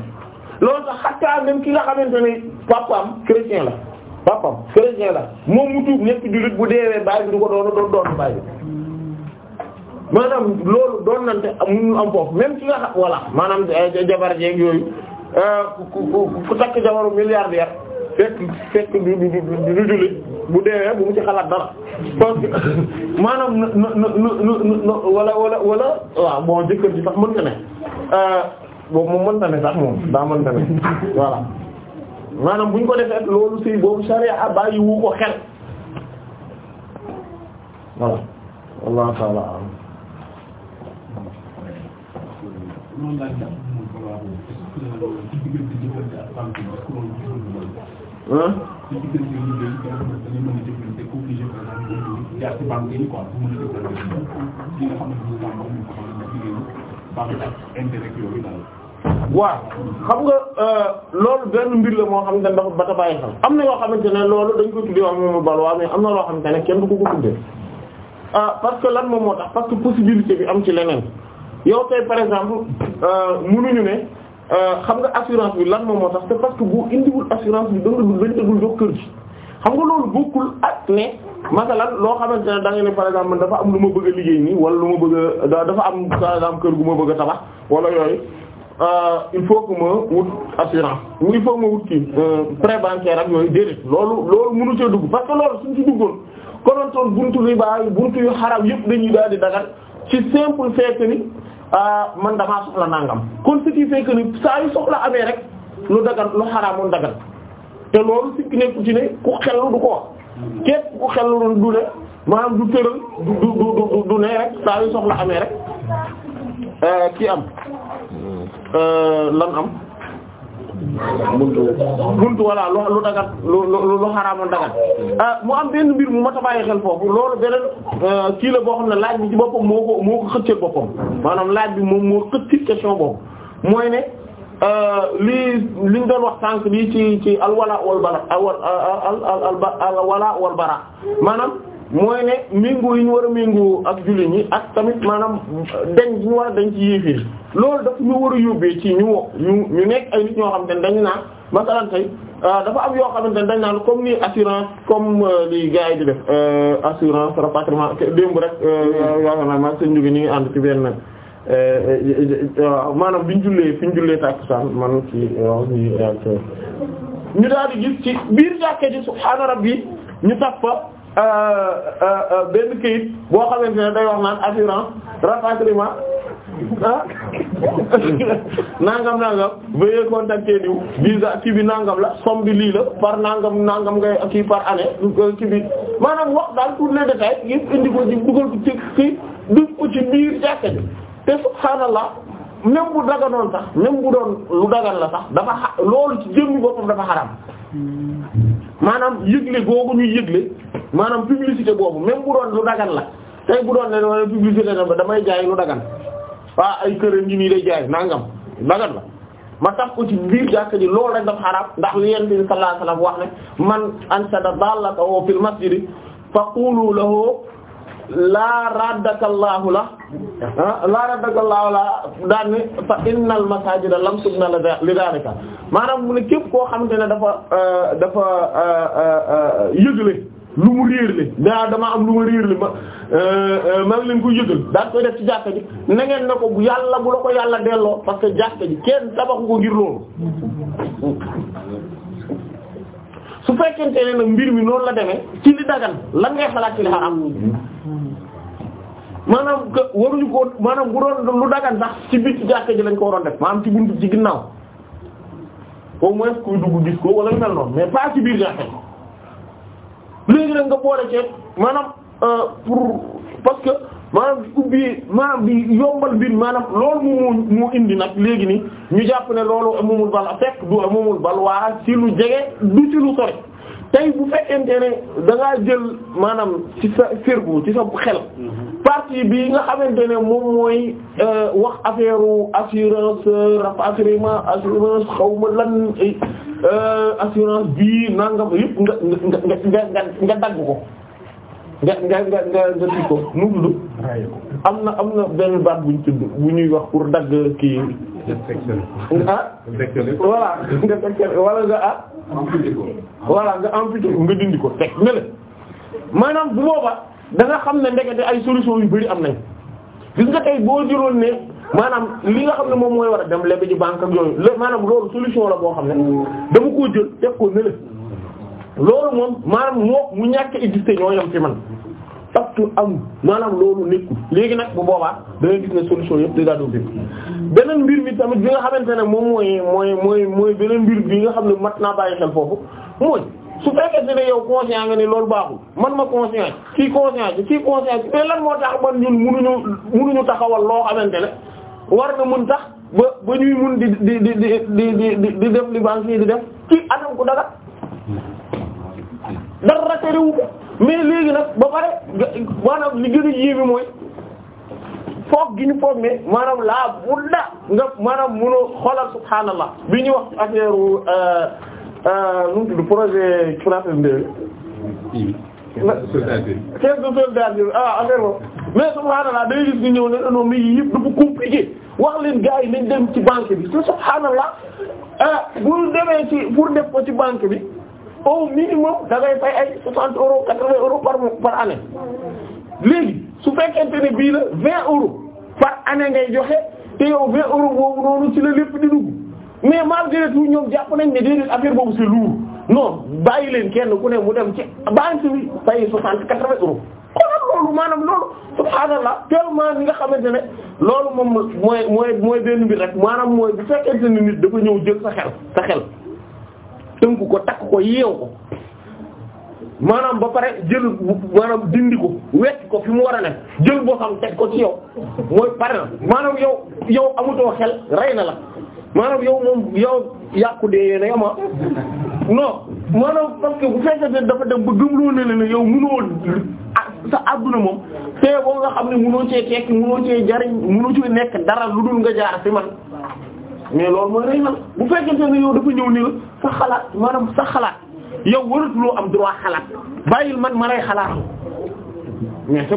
loolu sax xattaa même ki nga xamante ne papaam chrétien la papaam chrétien la moom mu tuub nekk jullit bu deewee baay bi du ko doon doon doon baay maanaam loolu doon nante mënul am foofu même ki nga xam voilà maanaam eh, jabar jeeg yooyu eh, ku takk jabaru milliardaire fekk fekk du du du jullit bu deewee bu mu ci xalaat dara parce que maanaam na na na na wala wala wala waaw bon jëkkër ji sax mën nga ne eh, boobu moom mënta ne sax moom daa mënta ne voilà maanaam bu ñu ko defee loolu sëy boobu sariya bàyyi wu ko xel voilà wallahu ta'ala a'lam waaw xam nga loolu benn mbir la moo xam ne dafa ba ta bàyyi xel am na yoo xamante ne loolu dañ ko tuddee am mooma balwaa mais am na loo xamante ne kenn du ko ko tuddee ah parce que lan moom moo tax parce que possibilité bi am ci leneen yow tey par exemple mënuñu ne xam nga assurance bi lan moom moo tax c'est parce bu indiwul assurance bi danga dul bañ tëgul jox kër gi xam nga loolu bokkul ak ne masalan loo xamante ne da nga ne par exemple dafa am lu ma bëgg liggéey nii wala lu ma bëgg a dafa am par kër gu ma bëgg a tabax wala yooyu Euh, il faut que ma wut assurance il faut que ma wut kii euh, prêt bancaire ak yooyu déedéet loolu loolu mënu cee dugg parce que loolu suñ ci duggoon konoon toon buntu riba yu buntu yu xaram yëpp dañuy daal di dagal ci simple fait que ni euh, man damaa soxla nangam kon ce qui fait ni saa yu soxla amee rek lu dagal lu xaraamoon dagal te loolu sikk nekku ci ne ku xellu du ko wax képp ku xellu doon du ne maanaam du tëral du du du du rek saa yu soxla amee rek kii am Euh, lan am buntu buntu voilà lu lu dagat lu lu lu xaraamoon dagat euh, mu am benn mbir mu mat a bàyyi xel foofu loolu beneen euh, kii la boo xam ne laaj bi ci boppam moo ko moo ko xëccee boppam maanaam laaj bi moom moo xëcc question boobu mooy ne lii liñ doon wax sànq bi ci ci alwala wal bara alwala maanaam mooy ne méngoo yi ñu war a méngoo ak jullit ñi ak tamit maanaam dañ ñu war a dañ ci yéeféer loolu daf ñu war a yóbbee ci ñu ñu ñu nekk ay nit ñoo xam te ne dañu naa masalan tey ah, dafa am yoo xamante ne dañ naan comme ni assurance comme euh, li gars yi di def euh, assurance rapatriement démb rek euh, mm-hmm. yaakaar naa maa seen jóge ñu ngi ànd ci benn maanaam biñ jullee fi ñu jullee tàkkusaan man ci ñu daal di gis ci biir jàkkee ji subhaana rabbi ñu tàppa Euh, euh, euh, benn kayit boo xamante ne day wax naan assurance rapatriement ah nangam nangam veuillez contacter visa kii bi nangam la somme bi lii la par nangam nangam ngay kii par année kii bi maanaam wax daal tous les détails yëpp indi ko ci dugal ko ci kii ko ci biir jàkka ji te subhaanallah même bu daganoon sax même bu doon lu dagan la sax dafa xa loolu ci jëmmi boppam dafa xaram maanaam yëgle googu ñuy yëgle maanaam publicité boobu même bu doon lu dagan la tey bu doon ne wala publicité na damay jaay lu dagan ah ay kër a nii day jaay nangam dagan la ma tax ko ci biir jàkka ji loolu rek daf xaraam ndax li yonent bi sallallahu alayhi wasallam wax ne man anshada dallatahu fil masjidi faqulu lahu laa raddakallaahu la laa ah, raddakallaahu la daan ni fa innal masaajida lam tubna li daalika maanaam mu ne képp koo xamante ne dafa euh, dafa euh, euh, yëgle lu mu réerle daa ah, damaa am lu ma réerle ma man leen ko yëgal daan koy def ci jàkka ji na ko bu yàlla bu la ko yàlla delloo parce que jàkka ji kenn tabaxu ko ngir loolu su fekkente ne nag mbir mi noonu la demee ci li dagan la ngay xalaat ci li xaraam maanaam waruñu ko maanaam bu doon lu dagan sax ci biir ci jàkka ji lañ ko waroon def maanaam ci buntu ci ginnaaw au moins kuy dugg gis ko wala ñu mel noonu mais pas ci biir jàkka ji léegi nag nga boole ceeb maanaam euh, pour parce que maanaam ubbi maanaam bi yombal biir maanaam loolu mu mu indi nag léegi ni ñu jàpp ne loolu amumul bal fekk du amumul bal waa ci lu jege du ci lu sori. tey bu fekkente ne da jël maanaam ci sa cerveau ci sa xel mhm. partie bi nga xamante ne moom mooy euh, wax affaire assurance euh, rapatriement assurance xaw ma lan euh, assurance bi nangam yëpp nga nga nga nga nga dagg ko nga nga nga nga nga di ko mu mu am na am na benn baat bu ñu tudd bu ñuy wax pour dagg kii. ah. voilà nga teg wala nga ah. voilà nga amputé ko nga dindi ko teg nga maanaam bu boobaa da xam ne ndekete ay solution yu bari am nañ gis nga tey boo juróon ne maanaam li nga xam ne moom mooy war a dem lebi ci banque ak yooyu maanaam loolu solution la boo xam ne mm. dama koo jël teg ko ne loolu moom maanaam moo mu ñàkk existé ñoo yam ci man parce que am maanaam loolu nekkul léegi nag bu boobaa da gis ne solution yëpp dëgg doo bépp beneen mbir mi tamit bi nga xamante ne moom mooy mooy mooy beneen mbir bi nga xam ne mat naa bàyyi xel foofu mooy su fekkee ne yow conscient nga ne loolu baaxul man ma conscient ci conscient ci conscient mais lan moo tax ban ñun munuñu munuñu taxawal loo xamante ne war na mun tax ba ba ñuy mun di di di di di di def li banque di def ci anam ku dagat dara terewu ko mais léegi nag ba pare maanaam li gën a yéeme mooy foog gi ñu foog ne maanaam laa bu da nga maanaam mënoo xoolal subhaanallah bi ñuy wax ci affaire euh, euh, nu mu tudd projet CNAAS Ndeye. caisse de solidarité mais subhaanallah day gis ñu ñëw ne non mais yii yëpp dafa compliqué wax leen gars yi nañ dem ci banque bi te subhaanallah ah bu demee ci pour def ci bank bi. au minimum da ngay fay ay 60 euros 80 euros par par année su fekkente ne bii la 20 euros par année ngay joxe te yow 20 euros boobu noonu ci la lépp di dugg mais malgré tout ñoom jàpp nañ ne déedéet affaire boobu c'est lourd non bàyyi leen kenn ku ne mu dem ci banque bi fay 60 80 euros. kon loolu maanaam loolu subhaanallah tellement ni nga xamante ne loolu moom mooy mooy mooy benn bi rek maanaam mooy bu fekkente ne nit dafa ñëw jël sa xel xel. tënku ko takk ko yeew ko maanaam ba pare jël maanaam dindi ko wecc ko fi mu war a ne jël boo xam teg ko ci yow mooy pare na maanaam yow yow amutoo xel rey na la maanaam yow moom yow yàqu dee yéen a yama ah. non maanaam parce que bu fekkee dafa dem ba gëmloo ne ne yow mënoo ah, sa na moom fee boo nga xam ne mënoo cee kekk mënoo cee jariñ mënoo cee nekk dara lu dul nga jaar ci man mais loolu mooy rëy na bu fekkente ne yow dafa ñëw ni la sa xalaat maanaam sa xalaat yow waratuloo am droit xalaat bàyyil man ma lay xalaat mais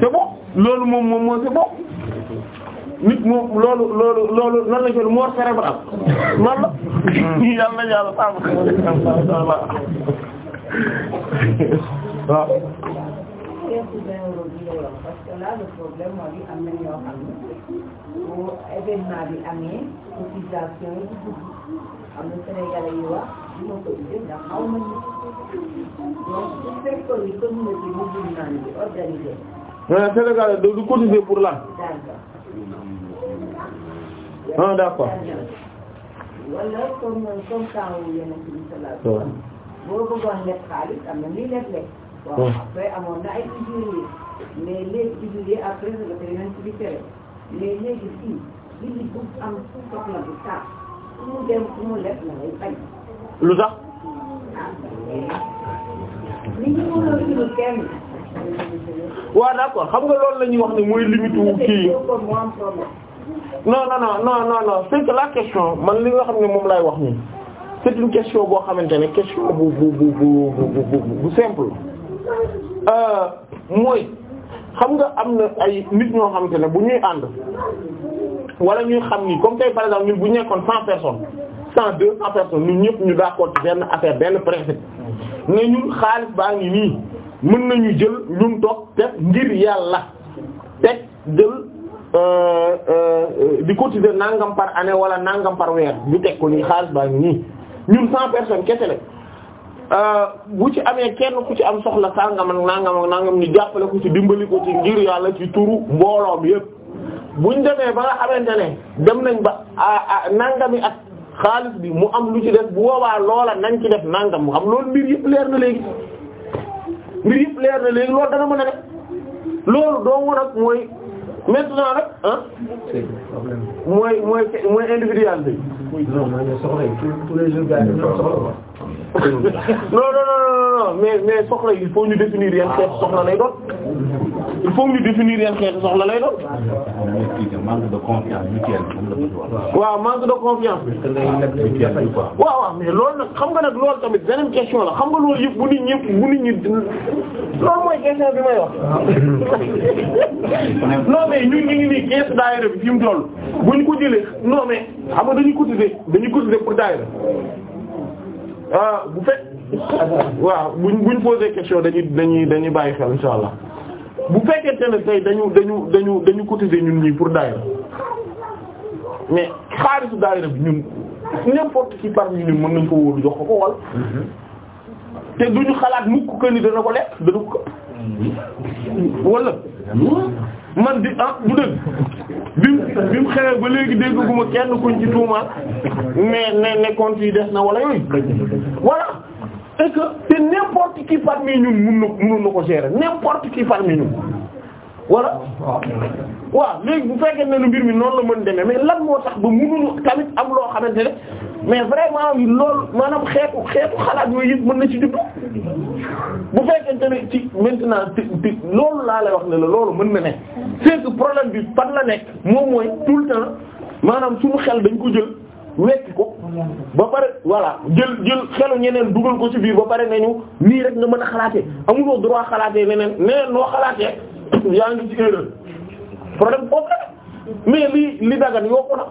c'est bon loolu moom moom moo nit moom loolu loolu loolu nan la ñu mort cérébral noonu la yàlla na yàlla sàmm waaw. parce que là le bu événement bi amee cotisation yi di dugg xam nga Sénégalais yi wax du ma ko gisee ndax xaw ma ñu donc su fekkoon ni da du cotiser pour lan. d'accord ah d'accord. wala comme comme temps a tudd na muy lekk lekk. waaw après na ay usuriers mais léegi fii li bu am soxla bi sax mu dem mu lekk la lu tax. li ñu mënoon xam nga loolu la ñuy wax ne mooy limite wu kii. non non non non non non c'est la question man li nga xam ne moom laay wax nii c'est une question boo xamante ne question bu bu bu bu bu bu simple. Euh, mooy. xam nga am na ay nit ñoo xamante ne bu ñuy ànd wala ñuy xam ni comme tey par exemple ñun bu ñu nekkoon cent personnes cent deux cent personnes ñun ñëpp ñu d'accord ci benn affaire benn principe ne ñun xaalis baa ngi nii mën nañu jël ñun toog te ngir yàlla te jël euh, euh, di cotiser nangam par année wala nangam par weer ñu teg ko nii xaalis baa ngi nii ñun cent personnes kese la. Euh, bu ci amee kenn ku ci am soxla sàngam ak nangam ak nangam ñu jàppale ko ci dimbali ko ci ngir yàlla ci turu mbooloom bu ñu demee ba nga xamante ne dem nañ ba nangami at xaalis bi mu am lu ci def bu boobaa loola nañ ci def nangam mu xam lool mbir yépp leer na léegi mbir leer na léegi loolu dana mën a def loolu doo war ak mooy maintenant rek ah. mooy mooy mooy bi non soxla non non non non mais mais soxla il faut ñu définir yan xeetu soxla lay doon il faut ñu définir yan xeetu soxla lay doon. manque de confiance mutuelle waaw manque de confiance. waaw waaw mais loolu nag xam nga nag loolu tamit beneen question la xam nga loolu yëpp bu nit ñëpp bu nit ñi loolu mooy question bi may wax. non mais ñun ñu ngi nii kees daayira bi fi mu toll buñ ko jëlee non mais xam nga dañuy cotiser dañuy cotiser pour daayira Ah, bu fekk waaw buñ buñ posé question dañuy dañuy dañuy bàyyi xel insha allah bu fekkee ne tey dañu dañu dañu dañu cotiser ñun ñii pour daayira mais xaalisu daayira bi ñun n'importe qui parmi ñun mën nañ ko wóolu jox ko ko wal mm-hmm. te duñu xalaat mukk que ni dana ko lekk dana ko wala man di ah du dëgg bi mu bi mu xewee ba léegi dégguma kenn kuñ ci tuumaal mais ne ne compte yi des na wala yooyu voilà et que te n'importe qui parmi ñun mun na mënoon na ko gérer n'importe qui parmi ñun voilà waaw léegi bu fekkee ne mbir mi noonu la mën demee mais lan moo tax ba mënuñu tamit am loo xamante ne mais vraiment loolu maanaam xeetu xeetu xalaat yooyu yëpp mën na ci juddu bu fekkente ne ci maintenant ti ti loolu laa lay wax ne la loolu mën na ne c'est que problème bi fan la nekk moom mooy tout le temps maanaam suñu xel dañ ko jël wekki ko ba pare voilà jël jël xelu ñeneen dugal ko ci biir ba pare nañu nii rek nga mën a xalaatee amuloo droit xalaatee neneen neneen noo xalaatee yaa ngi ci erreur problème boobu mais lii li dagan yomb na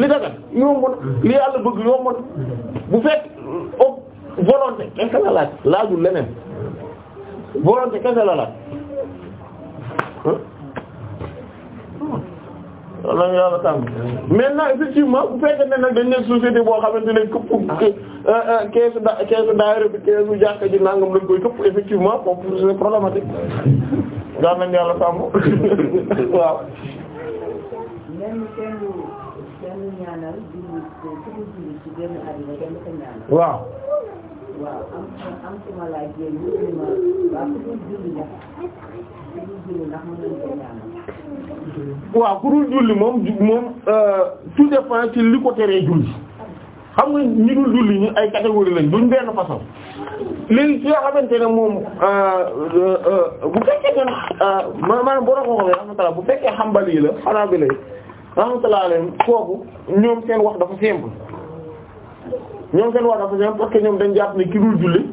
li dagan yomb na li yàlla bëgg yomb na bu fekk ob oh, volonté kese la laaj laajul leneen volonté kese la laaj. wala yàlla tàmm maintenant effectivement bu fekkee ne nag dañ ne société boo xamante ne këpp euh, euh, keesu da keesu daayira bi keesu jàkka ji nangam lañ koy këpp effectivement foofu c'est problématique. daal nañ yàlla tàmm waaw. même kenn kenn ñaanal di waaw. ku dul julli moom moom euh, tout dépend ci li ko teree julli xam nga ñi dul julli ay catégorie lañ duñ benn façon léegi ci yoo xamante ne moom euh, euh, bu fekkee ne maanaam boo doon ko waxee bu fekkee xambali la xanaa bi lay. rahmatullahi alayhim kooku ñoom seen wax dafa simple ñoom seen wax dafa simple parce ñoom dañ jàpp ni ki dul julli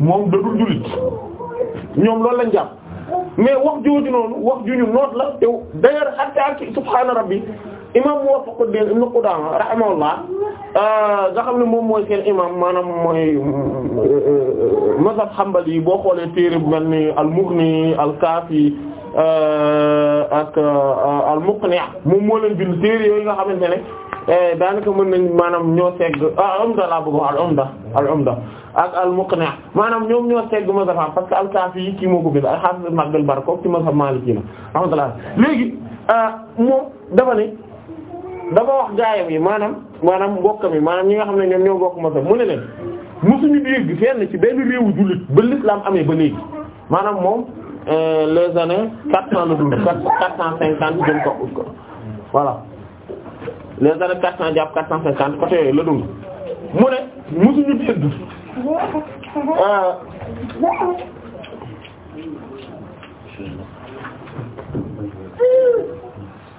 moom da dul ñoom loolu lañ jàpp mais wax jooju noonu wax ju ñu noot la te d'ailleurs hatta subhaana rabbi imam Muwaffaqud-Din Ibn Qudama rahimahullah euh, nga xam ne moom mooy seen imam maanaam mooy euh, euh, mazhab Hanbali yi boo xoolee téere bu mel ni al-Mughni al-Kaafi Euh, ak euh, al-Muqni' moom moo la bind téere yooyu nga xamante ne eh, daanaka mën nañ maanaam ñoo segg ah, al-Umda laa bëgg al-Umda al-Umda ak al-Muqni' maanaam ñoom ñoo segg mazhab parce que al-Kafi yi kii moo ko bind ak Hafiz Ibn Abd al-Barr ci mazhab Maliki na léegi euh, moom dafa ne dafa wax gaayam yi maanaam maanaam mbokkam yi maanaam ñi nga xam ne ñoom ñoo bokk mazhab mu ne leen musuñu dégg fenn ci benn réewu jullit ba l'islam amee ba léegi maanaam moom Euh, les années quatre cent la dund quatre cent cinquante jëm ko voilà les années quatre cent jàpp quatre cent cinquante côté yooyu la dund mu ne musuñu tëdd euh.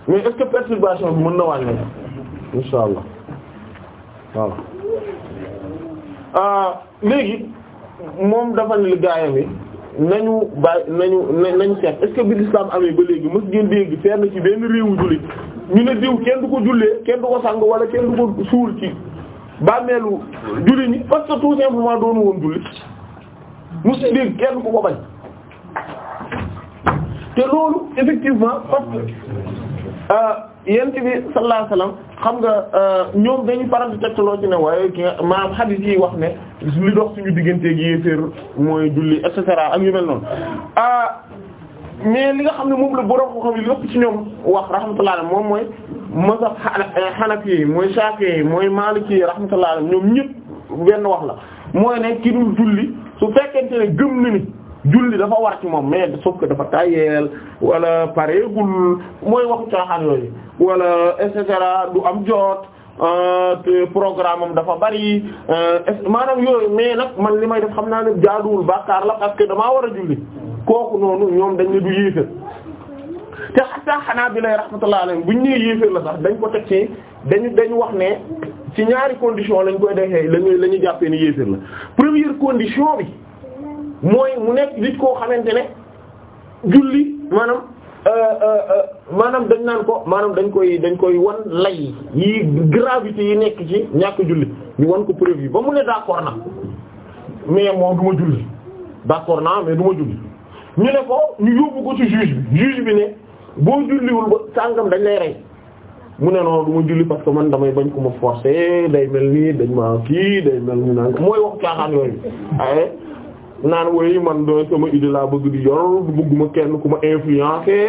mais est-ce que perturbation bi mën na wàññi insha allah voilà euh, léegi moom dafa ne li gaayam yi nañu bàyyi nañu nañ seet est-ce que bi lislaam amee ba léegi mës ngeen dégg fenn ci benn réew jullit ñu ne diw kenn du ko jullee kenn du ko sang wala kenn du ko suul ci bàmmeelu jullit ñi parce que tout simplement doonu woon jullit mës dégg kenn ku ko bañ te loolu effectivement parce que euh, yent bi sallallahu alayhi xam nga euh, ñoom dañu faral di tegtaloo ci ne waaye ki nga maam hadith yi wax ne li dox suñu gi yéeféer mooy julli et cetera ak yu mel noonu ah, mais li nga xam ne moom la borom ko xam lépp ci ñoom wax rahmatullah alayhi moom mooy mazhab euh, hanafi yi mooy shafi'i yi mooy maliki yi rahmatullah alayhi ñoom ñëpp benn wax la mooy ne ki dul julli su fekkente ne gëm na ni julli dafa war ci moom mais sauf que dafa tayeel wala pareegul mooy waxu caaxaan yooyu wala et cetera du am jot euh, programme am dafa bari euh, maanaam yooyu mais nag man li may def xam naa ne jaaduwul bàkkaar la parce que damaa war a julli kooku noonu ñoom dañ ne du yéefér te xataa xanaa bi lay rahmatullah alayhi buñ nee yéeféer la sax dañ ko teg ci dañ dañu wax ne ci ñaari condition lañ koy defee lañuy la jàppee ni yéeféer la première condition bi mooy mu nekk nit koo xamante ne julli maanaam euh, euh, euh, maanaam dañ naan ko maanaam dañ koy dañ koy wan lay yi gravité yi nekk ci ñàkk julli ñu wan ko preuve ba mu ne d'accord na mais moom du ma julli d'accord na mais du ma julli ñu ne ko ñu yóbbu ko ci juge bi juge bi ne boo julliwul ba sàngam dañ lay rey mu ne noonu du ma julli parce que man damay bañ ko ma day mel nii dañ ma kii day mel ni naan mooy wax caaxaan yooyu naan woy man dooy sama idée laa bëgg di yor du bëgguma kenn ku ma influencer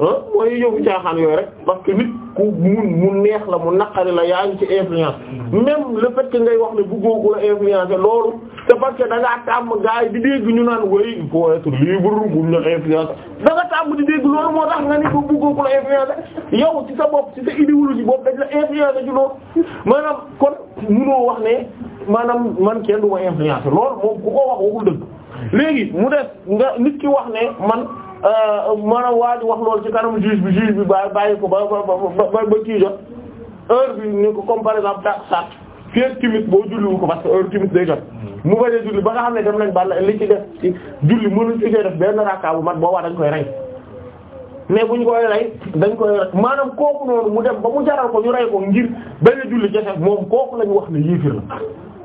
mooy yëfu caaxaan yooyu rek parce que nit ku mun mu neex la mu naqari la yaa ngi ci influence même le fait que ngay wax ne bëggoo ku la influencer loolu c'est parce que da tàmm gars yi di dégg ñu naan way il faut être libre bu ñu la influencer da nga tàmm di dégg loolu moo tax nga ni ko bëggoo la influencer yow ci sa bopp ci sa idéologie boobu dañ la influencer ci loolu maanaam kon munoo wax ne maanaam man kenn du ma influencer loolu moom ku ko wax waxul dëgg Euh, maanaam waa ji wax loolu ci kanam juge bi juge bi ba bàyyi ko ba ba ba ba kii jot heure bi ni ko comme par exemple ta sat fieg timit boo julliwu ko parce que heure timit day jot mu bañ a ba nga xam ne dem nañ balla li ci def ci julli mënuñ ci def benn rakka bu mat boobaa dañ koy rey mais bu ñu koy rey dañ koy rey maanaam kook noonu mu dem ba mu jaral ko ñu rey ko ngir benn julli jafe moom kooku lañ wax ne yéefir la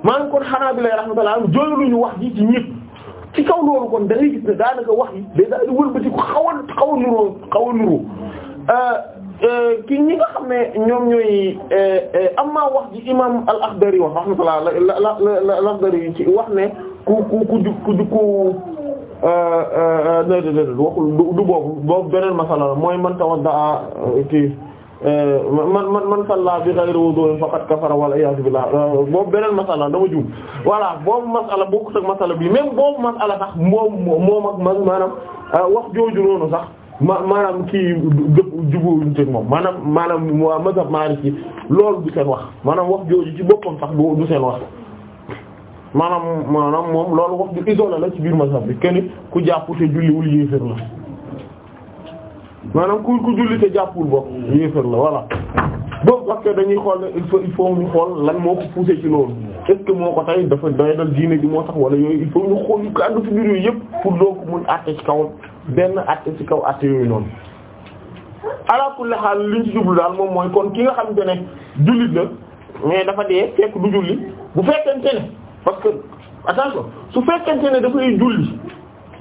maanaam kon xanaa bi lay rahmatullah joyluñu wax ji ci kaw loolu kon da ngay gis ne daanaka wax yi day daal di xaw a xaw a nuroo xaw euh, euh, xam ne ñoom ñooy euh, amma wax ji imam al-Akhdari wax rahmatullah la la wax ne ku ku ku ku waxul du boobu boobu beneen masala la mooy man tawadda kii. Euh, man man man salla bi ghayri wudu faqad kafara wal iyaazu billah euh, boobu beneen masala dama juum voilà boobu masala bokkut ak masala bi même boobu masala sax moom moom ak maanaam euh, wax jooju noonu sax ma maanaam kii dëpp jubuwuñ ci moom maanaam maanaam waa mazhab Maliki loolu du seen wax maanaam wax jooju ci boppam sax du du seen wax maanaam maanaam moom loolu wax ju la ci biir mazhab bi kenn ku jàpp te julliwul yéeféer la maanaam ku ku julli te jàppul bopp yéefar la voilà boobu parce dañuy xool ne il faut il faut ñu xool lan moo ko poussé ci loolu est moo ko tey dafa day dal diine bi moo tax wala yooyu il faut ñu xool ñu ko ànd ci mbir yëpp pour doo ko mun àtte ci kaw benn àtte ci kaw àtte yooyu noonu ala kulli xaal daal moom mooy kon ki nga xam ne jullit la mais dafa dee fekk du julli bu fekkente ne parce que attention su fekkente ne dafay julli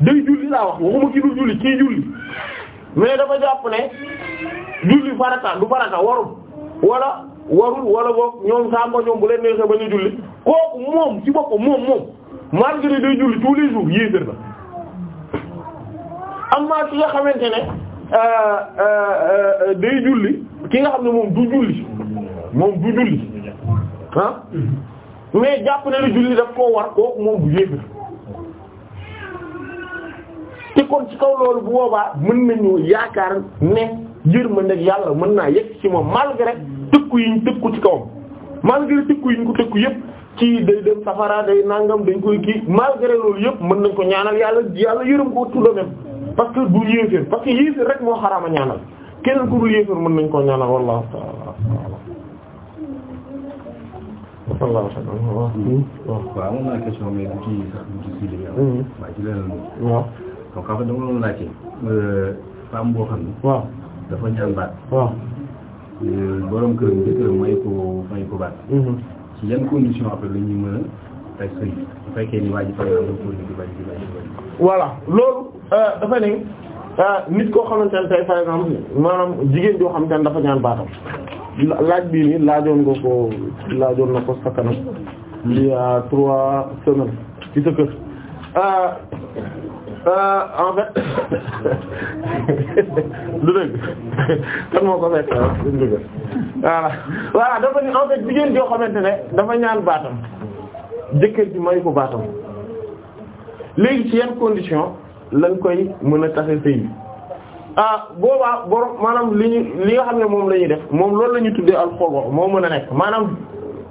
day julli laa wax waxuma ki du julli kii julli mais dafa jàpp ne julli farata du farata warul wala warul wala boog ñoom sàmba ñoom bu leen neexee ba ñu julli kooku moom ci boppam moom moom malgré day julli tous les na am na ki nga xamante ne euh, euh, euh, day julli ki nga xam ne moom du julli moom du julli ah mais jàpp ne lu julli daf koo war kooku moom bu yéefér te kon ci kaw loolu bu boobaa mën nañu yaakaar ne yërmande yàlla mën naa yegg ci moom malgré tëkku yi ñu tëkku ci kawam malgré tëkku yi ñu ko tëkku yëpp ci day dem safara day nangam dañ koy gi malgré loolu yëpp mën nañ ko ñaanal yàlla yàlla yërëm ko tout de même parce que du yéeféer rek moo xaraama ñaanal keneen ku dul yéeféer mën nañ ko ñaanal wallahu ta'ala waaw hmm. waaw waaw waaw kon xam nga dama doon laajte euh, boo xam ne. waaw dafa ñaan baat. waaw euh, borom kër gi jëkkër may ko may mm-hmm. a teg loolu euh, dafa ne nit koo xamante ne tey par maanaam jigéen joo xamante ne dafa ñaan baatam. laaj bii nii laajoon nga ko laajoon na ko sa kanam. Hmm. a trois semaines ci sa kër. Euh, en fait lu dëgg kan moo ko fekk ah, voilà voilà dafa ni en fait jigéen joo xamante ne dafa ñaan baatam jëkkër ji may ko baatam léegi ci yan condition lañ koy mën a taxe sëy bi ah boobaa borom maanaam li ñu li nga xam ne moom la ñuy def moom loolu la ñuy tuddee alxol moo mën a nekk maanaam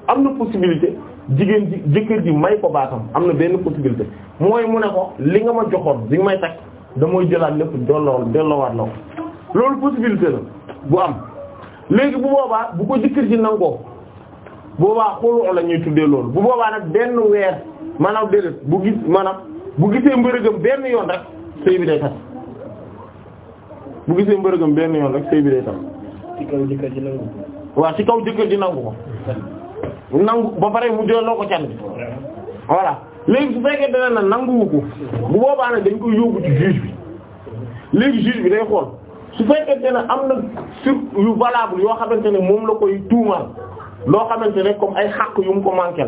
am na possibilité jigéen ji jëkkër ji may ko baatam am na benn possibilité mooy mu ne ko li nga ma joxoon bi nga may takk damay jëlaat lépp delloo delloowaat la ko loolu possibilité la bu am léegi bu boobaa bu ko jëkkër ji nangoo boobaa xulu la loolu bu boobaa nag benn weer maanaam déedéet bu gis maanaam bu gisee mbërëgam benn yoon rek sëy bi day tas bu gisee mbërëgam benn yoon rek sëy bi day tas. ci kaw ci kaw jëkkër ji nangu ko. nangu ba pare mu delloo ko can voilà léegi su fekkee dana na nanguwu ko bu boobaa nag dañ koy yóbbu ci juge bi léegi juge bi day xool su fekkee ne am na yu valable yoo xamante ne moom la koy tuumal loo xamante ne comme ay xàq yu mu ko manqué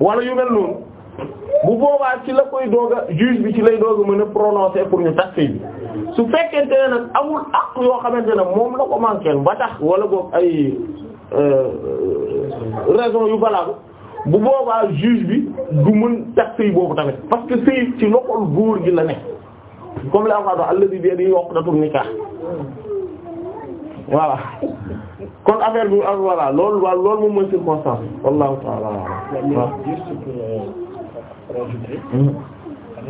wala yu bu boobaa ci la koy doog a bi ci lay doog a mën a prononcer pour ñu tax bi su fekkente ne nag amul àq yoo xamante ne moom la ko manqué ba tax wala boog ay Euh, raison yu valable bu boobaa juge bi du mën tax sëy boobu tamit parce que sëy ci loxol góor gi la ne comme la waxaat bi yadihi uqdatun nikah voilà kon affaire bi ak ah, loolu waaw loolu moom mooy circonstance wallahu ta'ala waaw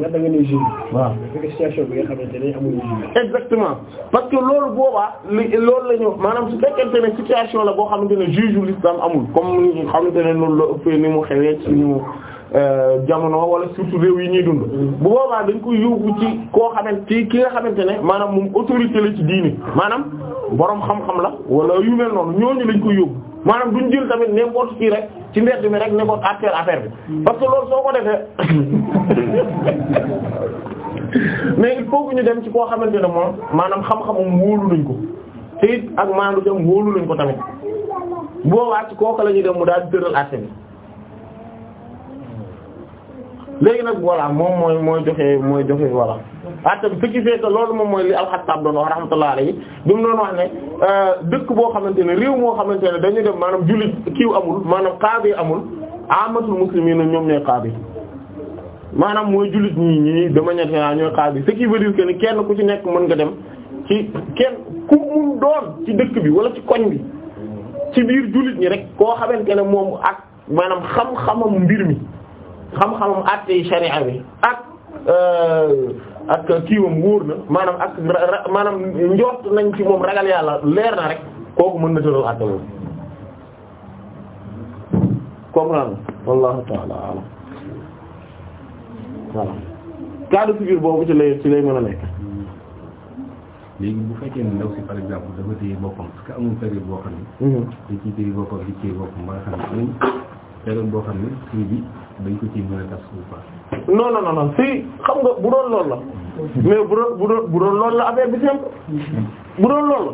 nga da nga ne jeu waaw fekk situation bi nga xamante ne exactement parce que loolu boobaa li loolu la ñu maanaam su fekkente ne situation la boo xamante ne juge l'islam amul comme ñu xamante ne loolu la ëppee ni mu xewee ñu euh, jamono wala surtout réew yi ñuy dund mm-hmm. bu boobaa dañ koy yóbbu ci koo xamante ki nga xamante ne maanaam moom autorité la ci diini maanaam boroom xam-xam la wala yu mel noonu ñooñu lañ koy yóbbu maanaam duñ jël tamit n'importe qui rek ci mbedd mi rek ne ko àtteel affaire bi parce que loolu soo ko defee mais il faut ñu dem ci koo xamante ne moom maanaam xam-xamam wóolu lañ ko te it ak maanu dem wóolu nañ ko tamit boo wàcc kooku la ñuy dem mu daal di tëral àtte bi léegi nag voilà moom mooy mooy joxe mooy joxe voilà atte bi ce qui loolu moom mooy li alxattaab doon wax rahmatullahi alayhi bi mu doon wax ne euh, dëkk boo xamante ne réew moo xamante ne dañu dem maanaam jullit kiw amul maanaam qaadi amul amatul muslimiin ñoom ñooy qaadi maanaam mooy jullit ñi ñi de manière générale ñooy qaadi ce qui veut kenn ku ci nekk mën nga dem ci kenn ku mun doon ci dëkk bi wala ci koñ bi ci biir jullit ñi rek koo xamante ne moom ak maanaam xam-xamam mbir mi xam-xamam àttee sharia bi ak euh, ak kiiwam wóor na maanaam ak maanaam njort nañ ci moom ragal yàlla leer na rek kooku mën na tëral àtte moom comprendre wallahu ta'ala alam voilà cas de figure boobu ci lay ci nekk léegi bu fekkee ne ndaw si par exemple dafa téye boppam parce que amul période boo xam ne sëy bi dañ ko ciy mën a non non non sëy xam nga bu doon loolu la mais bu doon bu doon bu doon loolu la affaire bi simple bu doon loolu la